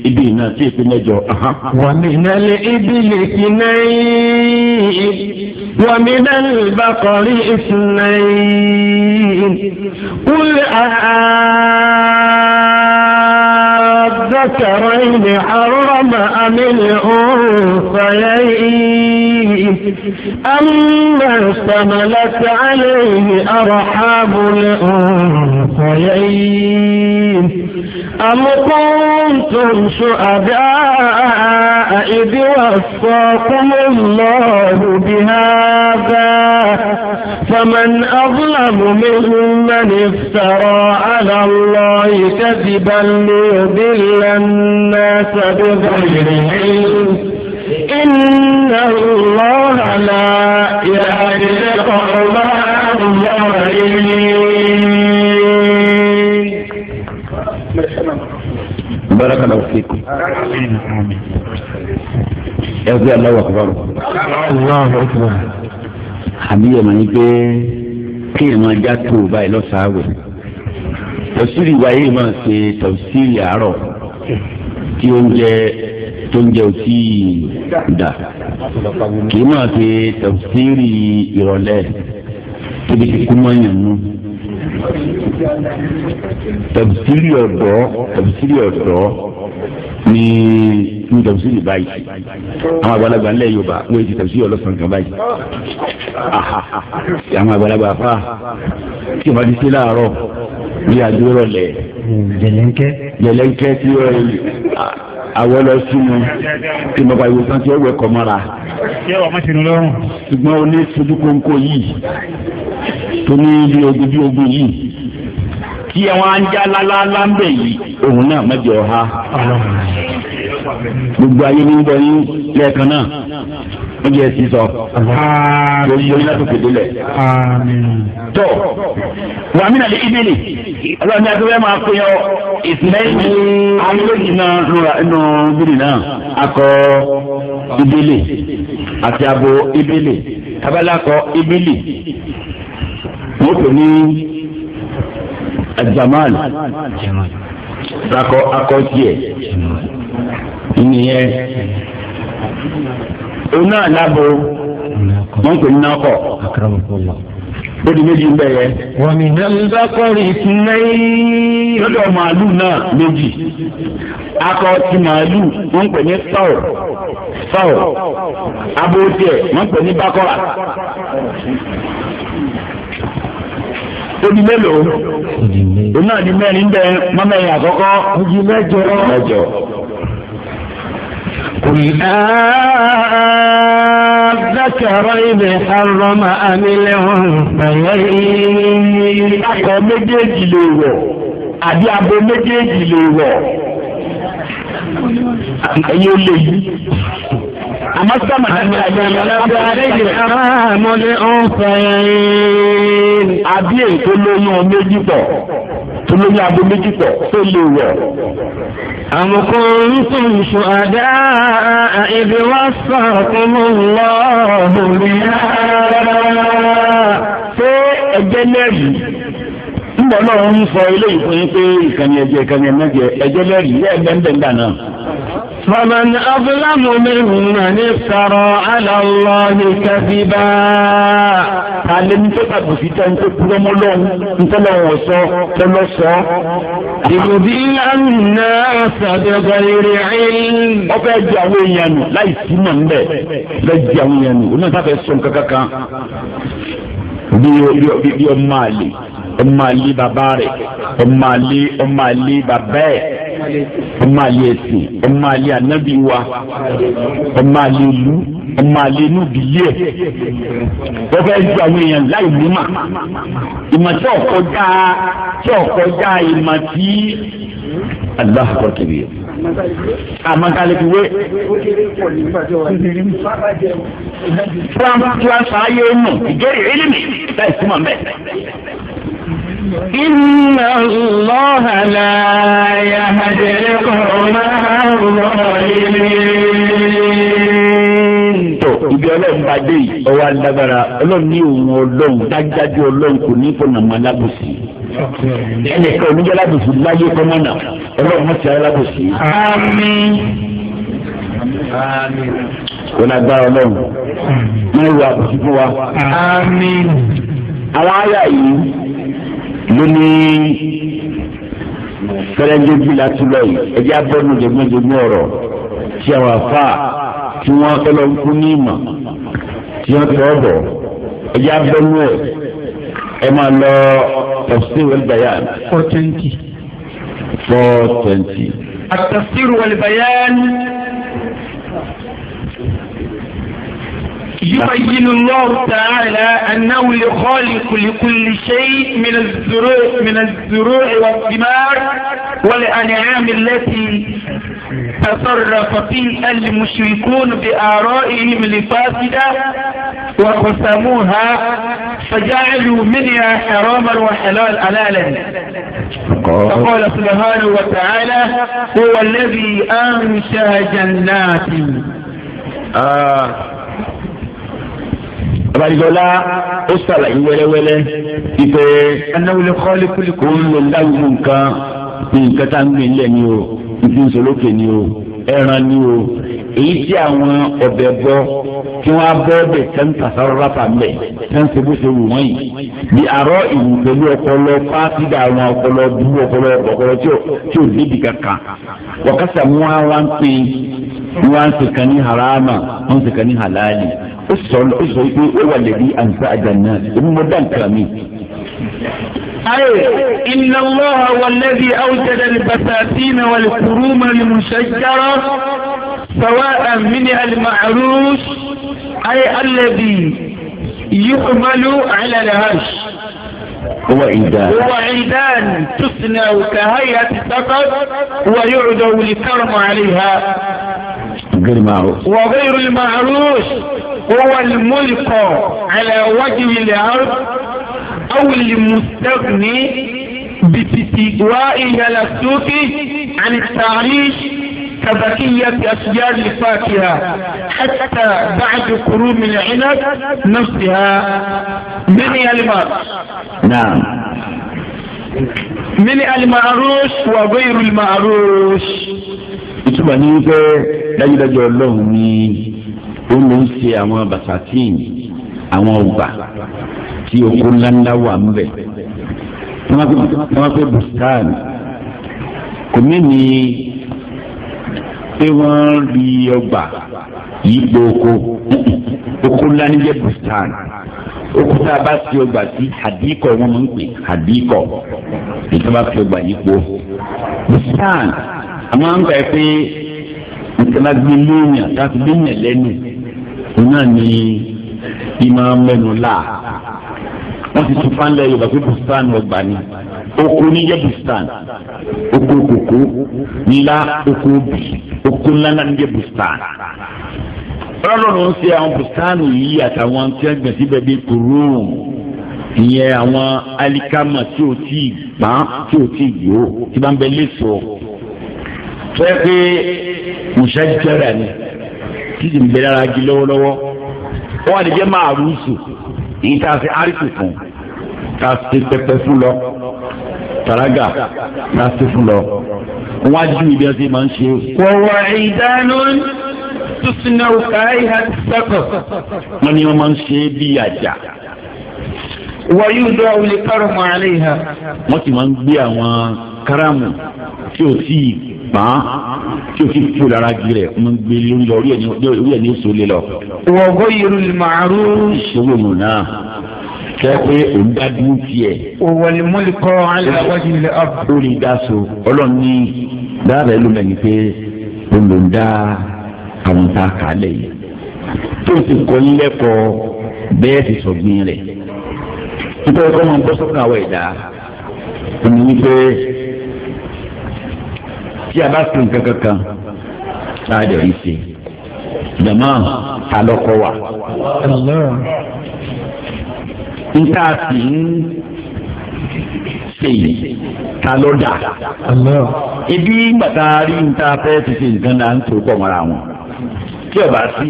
ibi náà ipi èpè mẹ́jọ. wàmínà lè ibi lè fi náírà. ومن البقر اثنين قل أآ الذكرين حرم أم الأنثيين أما اشتملت عليه أرحام الأنثيين أم كنتم شهداء إذ وصاكم الله بهذا فمن أظلم ممن افترى على الله كذبا ليضل الناس بغير علم ẹ pé aláwọ̀ àkọ́bárò. àbí ẹ̀ máa ń gbé kéèyàn máa já tó o báyìí lọ́sàáwẹ̀. tọ̀sírì wáyé máa ṣe tọ̀sírì àárọ̀ tí oúnjẹ tó ń jẹ òtí dà kì í máa ṣe tọ̀sírì ìrọ̀lẹ́ tóbi ti kú mọ́ nù tọ̀sírì ọ̀dọ́ tọ̀sírì ọ̀dọ́ ni ní tẹ̀síìrì báyìí àwọn àgbàlagbà ńlẹ̀ yorùbá wọ́n ti tẹ̀síìrì ọlọ́sàn kan báyìí àwọn àgbàlagbà fa tí wọ́n ti ṣe láàárọ̀ bí adúrò lẹ̀ jẹ̀lẹ́ńkẹ́ jẹ̀lẹ́ńkẹ́ tí ó rẹ̀ àwọn lọ sínú tí mo bá ìwòsàn tí ó wẹ̀ kọ́ mọ́ra. ṣùgbọ́n o ní sojú kónkó yìí tó ní bí ogun bí ogun yìí tí àwọn anjá lálá ńlá ń bẹ̀ yìí òun náà mẹ́jọ ha gbogbo ayé ní bọ yín lẹ́ẹ̀kan náà ó yẹ sí sọ lórí yóò yín láti kéde lẹ̀. tó wàmí nàlẹ́ ibìlì ọlọ́run ní akẹ́wẹ́ máa pè ọ ìsìlẹ́yìn alóòjì náà nù bìlì náà akọ ibìlì àti abo ibìlì tabalakọ ibìlì wọ́n pè ní ajamal akọ akọ tiẹ̀. nìyẹn òun náà lábo wọn pè ní náà kọ méjì ń bẹ yẹ. wọ́n mi náà lọ́dọ̀ màálù náà méjì akọ ti màálù wọ́n pè ní fáwọ̀ fáwọ̀ abóòtẹ̀ wọ́n pè ní bákọ́rà. odi mélòó náà ni mẹ́rin bẹ́ẹ̀ mọ́mẹ́rin àkọ́kọ́. odi mẹ́jọ. قل أذكرين حرم أم الأنثيين akọ méjèèjì lè wọ̀ àbí abo méjèèjì lè wọ̀ ẹ̀yin ó lè yí. àmọ́ sábà ní àgbẹ̀rẹ̀ àmọ́lé ọ̀fẹ́ àbí èkó lóyún méjì pọ̀ olóyún abo méjì pọ̀ tó lè wọ̀. àmùkù ńkù ṣù àdá ibi wá sàkún lọ òbí ṣé ẹ̀jẹ̀ lẹ́rìí nígbà náà ń sọ eléyìí fún yín pé ìkànnì ẹ̀jẹ̀ ìkànnì ẹ̀mẹ́jẹ̀ ẹ̀jẹ̀ lẹ́rìí ẹ̀ bẹ́ẹ̀ bẹ́ẹ̀ náà. فمن أظلم ممن افترى على الله كذبا ta lẹni tó tàbí sí tẹ́ ń tó kúrọ́ mọ́ lọ́hùn ń tẹ́lẹ̀ wọ̀ sọ tẹ́lẹ̀ sọ. ìròbí ńlá sàdọ̀gọ̀ eré ẹ̀rín. wọ́n fẹ́ jẹ àwọn èèyàn nù láì sí mọ̀ níbẹ̀ fẹ́ jẹ àwọn èèyàn nù ó náà sáfẹ́ sọ nǹkan kankan bí ọmọ àlè ọmọ àlè bàbá rẹ̀ ọmọ àlè ọmọ àlè bàbá ẹ̀ ọmọ àlè ẹ̀sìn ọmọ àlè ànábì wa ọmọ àlè ìlú ọmọ àlè inú ìdílé ẹ̀ wọ́n fẹ́ ju àwọn èèyàn láì nímà ìmọ̀ tí ọ̀kọ́já tí ọ̀kọ́já ìmọ̀ tí aláha kọ́ kiri yẹ. àmọ́tálẹ́kì wé. tíwáńsá ayé mọ̀ ìjẹ́rìí ẹlẹ́mì láì sí mọ̀ mẹ́. إن الله لا يهدي القوم الظالمين ibi ọlọ́run bá dé yìí ọwọ́ alágbára ọlọ́run ní òun ọlọ́run dájúdájú ọlọ́run kò ní fọ̀nà mọ́ alábòsí. ẹnìkan oníjẹ́ alábòsí láyé kọ́mọ́nà ọlọ́run mọ̀ sí alábòsí. àmín. wọn agbára ọlọ́run máa wọ àbòsí fún wa. àmín. àwọn àyà yìí ló ní fẹlẹ́ńdé bí látúlọ̀ yìí ẹ̀jẹ̀ abọ́nú jẹ̀gbọ́n jẹ̀gbọ́n ọ̀rọ̀ tí àwọn àfa tí wọ́n fẹ́ lọ fún ní ìmọ̀ tí wọ́n tọ́ bọ̀ ẹ̀yà bẹ́nu ẹ̀ ẹ̀ máa lọ tafsir wal bayan. four twenty. four twenty. at-tafsir wal bayan. يبين الله تعالى أنه الخالق لكل شيء من الزروع من الزروع والثمار والأنعام التي تصرف فيها المشركون بآرائهم الفاسدة وقسموها فجعلوا منها حراما وحلال حلالا فقال سبحانه وتعالى هو الذي أنشأ جنات آه abadijọla ó ṣàlàyé wẹ́lẹ́wẹ́lẹ́ ìpè anáwọlé kọ́lé kúlíkù ń lò láwùjọ nǹkan nǹkan tá à ń gbé nílẹ̀ ni o ìfúnṣolókè ni o ẹran ni o èyí tí àwọn ọ̀bẹ bọ́ kí wọ́n á bọ́ ọbẹ̀ tẹ́ǹtà sárárátà mẹ́ tẹ́ǹtà bó ṣe wù wọ́n yìí bí àárọ̀ ìlú pẹ̀lú ọpọlọ pátidà àwọn ọpọlọ bú ọpọlọ ọpọlọ tí ò débi kankan wọ́n kásà mú àwọn pín wọ́n á ń ní harama wọ́n ń sèkàn ní halali. ó sọ lọ ó sọ pé أي إن الله هو الذي أوجد البساتين والكروم المشجرة سواء من المعروس أي الذي يحمل على الهش هو عيدان هو عيدان تصنع كهيئة سقط ويعدو الكرم عليها غير معروف وغير المعروف هو الملقى على وجه الأرض أو المستغني بتتوائه على السوق عن التاريخ كبقية أشجار الفاكهة حتى بعد قرون العنب نفسها من المرء نعم من المعروش وغير المعروش ìtumọ̀ ní wípé dájúdájú ọlọ́run ní ó ló ń ṣe àwọn basatíìnì àwọn ọgbà tí oko ńláńlá wà ń bẹ wọn fẹ́ bùsítàn kò mí ni pé wọ́n rí ọgbà yípo oko oko ńlá ní jẹ́ bùsítàn okuta bá fi ọgbà sí àdìkọ wọn máa ń pè àdìkọ ìjọba bá fi ọgbà yípo bùsítàn àmọ́ à ń gbà pé nǹkan lóyún àti àfi lóyún lẹ́nu náà ni ìmọ̀ mẹ́nu là wọ́n ti tún fánlẹ̀ yorùbá pé bùsítánù ọgbà ni oko níjẹ́ bùsítánù oko kòkó ńlá oko bì oko ńlá náà níjẹ́ bùsítánù ọlọ́run ń ṣe àwọn bùsítánù yìí àtàwọn tí wọ́n gbẹ̀ síbẹ̀ bíi kùrúùn ìyẹn àwọn alikama tí o ti gbà tí o ti yòó tí bá ń bẹ lẹ́sọ̀ọ́ fẹ́ pé mùsàjẹ́rẹ́ ni tí sì ń bẹ lára igi lọ́wọ́lọ́wọ́ wọ́n lè jẹ́ màrúùsù èyí tá a fi árísù fún tá a fi pẹpẹ fún lọ tàràgà tá a fi fún lọ wọ́n á ju ibi ẹsẹ̀ máa ń ṣe. wọ̀wọ̀ ìdáná tùsùnà òkàáyì àti sẹ́kọ̀. wọ́n ní wọ́n máa ń ṣe é bí àjà wọ́n yóò dọ́ wuli kárọ̀mù àlẹ́ yìí ha. wọ́n ti máa ń gbé àwọn káràmù tí ò tí pàán tí o fi kú lára ju rẹ̀ mo gbé lórí lọ orí ẹ̀ ní oṣù lé lọ. wọ́gọ́ yorùbá màrú. ìṣòro nù náà kẹ́ pé òun dá dúró tiẹ̀. òwòlì múlì kọ́ aláwọ̀dì lè ọ̀. lórí ìdásọ ọlọ́run ní dáàbà ẹ̀ pé olùdá àwọn tá a kà á lẹ̀ yìí tó o ti kọ́ yín bẹ́ẹ̀ ti sọ̀gbìn rẹ̀ nítorí kọ́ máa bọ́ sọ́kàn àwọn ẹ̀dá òní wípé tí a bá fi nǹkan kankan láàjọ yìí sí jama alọkọ wa. nta sì ń ṣe yìí ta ló dà. ibi gbàtà rí nta fẹ́ ti ṣe nǹkan náà ń tó pọ̀ mọ́ra wọn tí ọba sí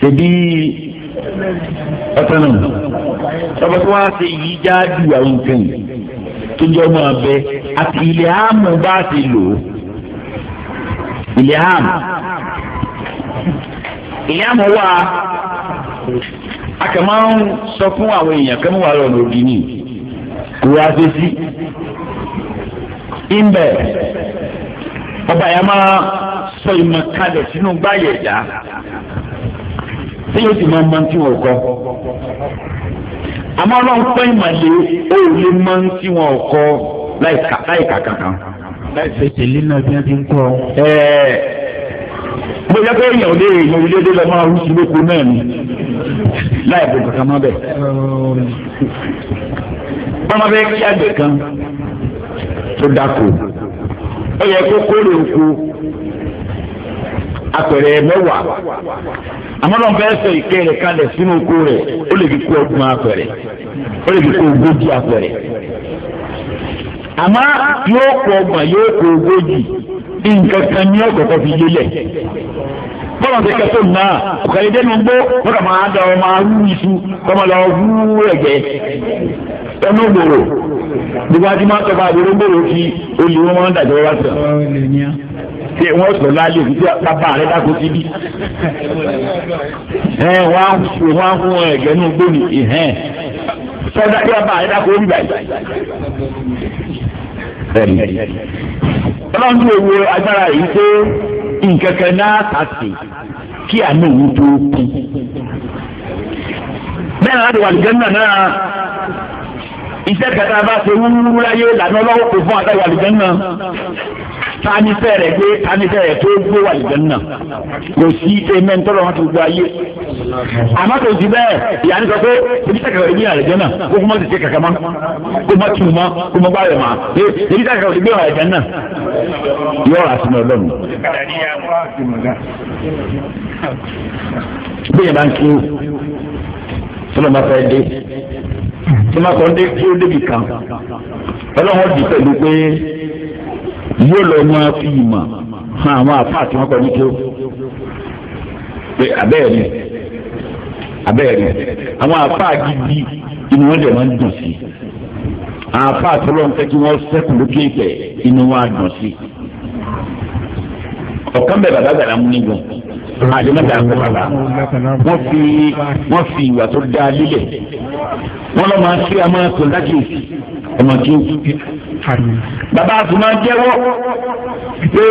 ṣebí ọtọ náà ọba tí wọn ṣe yí jáde àwọn nǹkan yìí tó jọ máa bẹ àti ilẹ̀ àmọ́ bá ṣe lò ó. Ilham, ìlíhàm wà akẹ́mọ́ ń sọ fún àwọn èèyàn kẹ́mọ́ wà lọ́nà òdì ni kò wá ṣe sí ìmbẹ̀ ọba yẹn máa sọ ìmọ̀ kalẹ̀ sínú gbáyẹ̀ ẹ̀dá tí yóò sì máa mọ tí wọ́n kọ́ àmọ́ ọlọ́run pẹ́ ìmọ̀lẹ́ ó lè mọ tí kọ́ láìka kankan fèsì lẹ́nà bí wọ́n ti ń kọ́. mo yẹ kó èèyàn lè èèyàn ilé dé lọ máa rúṣu lóko náà ni láì bò kankan mọ́ bẹ́ẹ̀. bọ́mọ bẹ́ẹ̀ kí àgbẹ̀ kan tó dáko ó yẹ kó kórè oko apẹ̀rẹ̀ mẹ́wàá àmọ́ náà fẹ́ẹ́ sọ ìké rẹ̀ kalẹ̀ sínú oko rẹ̀ ó lè fi kó ọgbọ̀n apẹ̀rẹ̀ ó lè fi kó ogójì apẹ̀rẹ̀ àmọ́ yóò kọ ọgbọ̀n yóò kọ ogójì nǹkan kan ní ọ̀kọ̀ọ̀kan fi yélẹ̀ bọ́lá ti kẹ́tọ́ náà ọ̀kàlẹ́ dẹ́nu gbó wọ́n kà máa da ọmọ arú iṣu kọ́ máa lọ wú ẹ̀gẹ́ ẹnu gbòòrò gbogbo àti máa tọ́ka àbúrò gbòòrò fi olè wọn máa ń dàjọ́ wá sàn tí wọ́n sọ láàyè òkú tí bàbá rẹ̀ dákò síbí ẹ̀ wọ́n á fún ẹ̀gẹ́ nù gbóni ìhẹ́n sọdá yóò bá ẹ̀dá kó rí báyìí. ọlọ́run tó wo agbára yìí pé nkẹ̀kẹ́ náà kàtì kí àánú òun tó kú. bẹ́ẹ̀ ni láti náà náà iṣẹ́ kẹta bá ṣe wúwúwú láyé lànà ọlọ́wọ́ kò fún àtàwọn àlùjẹ́n náà tánífẹ́ rẹ̀ gbé tánífẹ́ rẹ̀ tó gbé wà àlùjẹ́n náà kò sí ṣe mẹ́ńtọ́rọ̀ wọn ti gbọ́ ayé àmọ́ tó ti bẹ́ẹ̀ ìyá ni sọ pé ebi tẹ́ kẹkẹ́ ìgbé àlùjẹ́n náà kó kó má ti ṣe kẹkẹ́ mọ́ kó má tù mọ́ kó má gbáyọ̀ mọ́ ebi tẹ́ kẹkẹ́ ìgbé àlùjẹ́n náà yóò rà sínú ọlọ́run bí yẹn bá tí máa sọ dé tí ó débi kan ọlọ́wọ́n di pẹ̀lú pé yóò lọ máa fi ìmọ̀ hàn àwọn àfáà tí wọ́n kọ́ ní kí ó pé abẹ́ẹ̀ ni abẹ́ẹ̀ ni àwọn àfáà gidi inú wọn dẹ̀ máa ń dùn sí àfáà tó lọ́n fẹ́ kí wọ́n sẹ́kù lókè ìfẹ́ inú wọn á dùn sí ọ̀kan bẹ̀ bàbá gbàdá nígbà àdèmọ́ta ń kọ́ra wọ́n fi wọ́n fi ìwà tó dáa lílẹ̀ wọ́n lọ́ máa ṣe àmọ́ tó lákèsí ọmọ kí n. bàbá àtún máa jẹ́wọ́ pé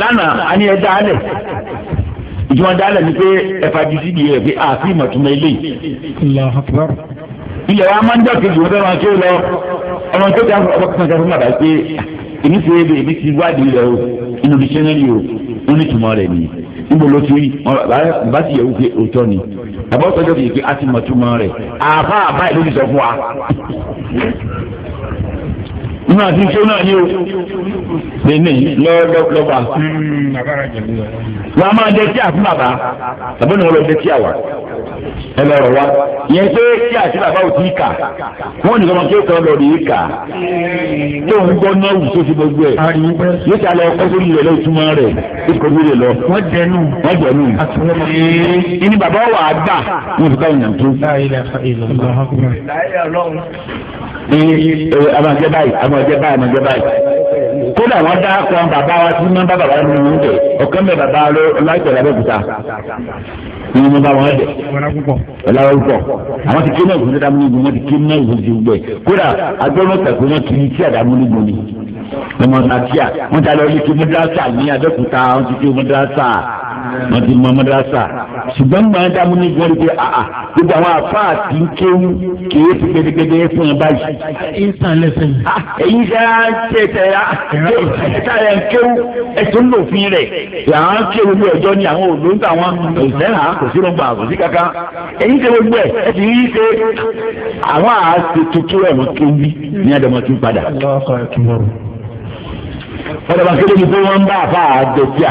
lánàá a ní ẹ dálẹ̀ ìjọba dálẹ̀ ni pé ẹ̀fà ju síbi rẹ̀ pé àfi ìmọ̀túnmọ̀ ilé ilẹ̀ wa máa ń jọ kejì wọ́n fẹ́ máa kí ó lọ ọmọ tó dáa ọmọ kan sọ fún bàbá pé èmi ti èmi ti wádìí rẹ o inú mi ṣẹ́yìn rí o ó ní tùmọ̀ rẹ̀ nìyí níbo ló ti rí bá ti yẹ̀wò pé òótọ́ ni àbọ̀ sọ́jọ́ kìí pé a ti mọ̀ rẹ̀ àbá àbá ìlú ti sọ fún wa nínú àti tí ó náà ní o lẹ́nu lọ́ba. wọ́n á máa dẹ́tí àti bàbá tàbí ní wọ́n lọ dẹ́tí àwà ẹ lọ rọ̀ wá. ìyẹn pé kí àti bàbá ò tí ì kà wọ́n nìkan máa kí ó kàn lọ rí i kà tó ń gbọ́ náà wù tó ti gbogbo ẹ̀. yóò ti alọ kọ́kọ́ rí rẹ̀ lọ ìtumọ̀ rẹ̀ tó kọ́ rí rẹ̀ lọ. wọ́n jẹnu. wọ́n jẹnu. ìní bàbá wà á gbà wọ́n fi káwọn yàn tó. ẹ ẹ abàjẹ́ báyìí ọmọ jẹ báyìí ọmọ jẹ báyìí kódà wọn dá kan bàbá wa tí wọn bá bàbá wa nínú oúnjẹ ọkàn bẹ bàbá ló láìpẹ́ lábẹ́òkúta nínú wọn bá wọn dẹ ọlọ́wọ́ púpọ̀ àwọn ti kí náà ìwé dáadáa múlùú wọn ti kí náà ìwé ti gbẹ kódà agbọ́nrún tẹ̀kú wọn kì í tí àdá múlùú ni ọmọ nàkíà wọn ti alẹ́ orí kí mọ́dúrásà ní abẹ́òkúta wọn ti kí mọ́dúrásà wọn ti mọ mọdàsà ṣùgbọ́n màá dààmú ní ìgbà wípé àà gbogbo àwọn àfa àti kéwù kìí ti gbẹdẹgbẹdẹ fún ẹ báyìí. ìsàn lẹsẹ̀ mi. èyí ṣe á ṣe tẹ̀ ya ẹ̀ka ẹ̀ ń kéwù ẹ̀tún lòfin rẹ̀ àwọn kéwù ní ọjọ́ ni àwọn òlóńtà wọn kò sẹ́nà kò sí lọ́gbà kò sí kankan èyí ṣe gbogbo ẹ̀ ẹ̀ ti rí ṣe àwọn àṣetutù ẹ̀wọ̀n kéwì ní àdàmọ́tún padà wọ́n dàbà kéde ní pé wọ́n ń bá àfa àdèkíà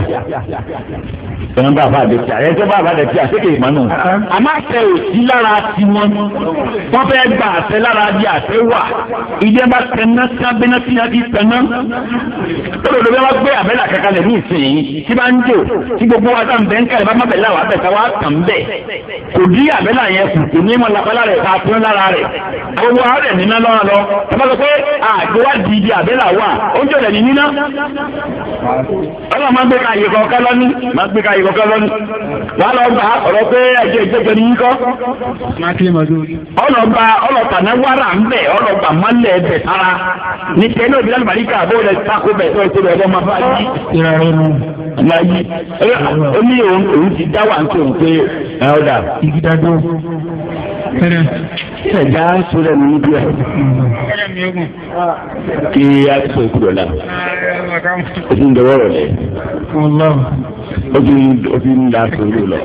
wọ́n ń bá àfa àdèkíà ẹ̀ tó bá àfa àdèkíà sékè ìmánú. àmọ́ àṣẹ ò sí lára tiwọn wọ́n fẹ́ gba àṣẹ lára di àṣẹ wà ìdí ẹ bá tẹná sábẹ́ná tí a ti tẹná. olùdó bí wọ́n gbé àbẹ́là kankan lẹ̀ ní ìsìn tí bá ń jò tí gbogbo wa sá ń bẹ́ ń kẹ́lẹ́ bá má bẹ̀ láwàá bẹ̀ káwá kàn bẹ̀ kò dí àbẹ́là yẹn kù kò ní mọ̀ lápálá rẹ̀ ká tún lára rẹ̀ gbogbo àárẹ̀ níná ọlọ́run máa ń gbé ka àyè kọ̀ọ̀kan lọ́ní máa ń gbé ka àyè kọ̀ọ̀kan lọ́ní wàá lọ gba ọ̀rọ̀ pé ẹ̀jẹ̀ ìjẹ́jẹ́ ni yín kọ́. wàrà ń sára ní tẹ́lẹ̀ òbí lálùbárí kà bó lẹ tó bá yí. Ṣẹ̀dá sọ̀rọ̀ mi níbí ẹ̀. Kí a sọ ìkúrò náà. Ètò ìdọ̀wọ́rọ̀ lẹ̀ ó ti ó ti ń da sòrò lọ.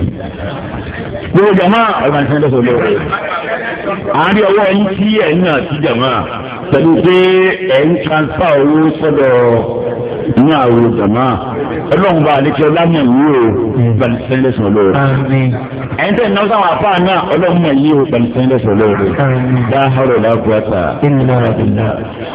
gbogbo jama ọ̀gbọ́n ti ń dẹ́sọ̀ lọ. àárín ọwọ́ yín tí ẹ̀yìn àti jama pẹ̀lú pé ẹ̀yìn transfer owó sọ́dọ̀ ní àwọn jama ọlọ́run bá àlejò ọlámọ̀ yìí o pẹ̀lú sẹ́ńdẹ̀sọ̀ lọ. ẹ̀yìn tẹ̀ náà sáwọn afá náà ọlọ́run mọ̀ yìí o pẹ̀lú sẹ́ńdẹ̀sọ̀ lọ. dáhọ́rọ̀ lágbàtà.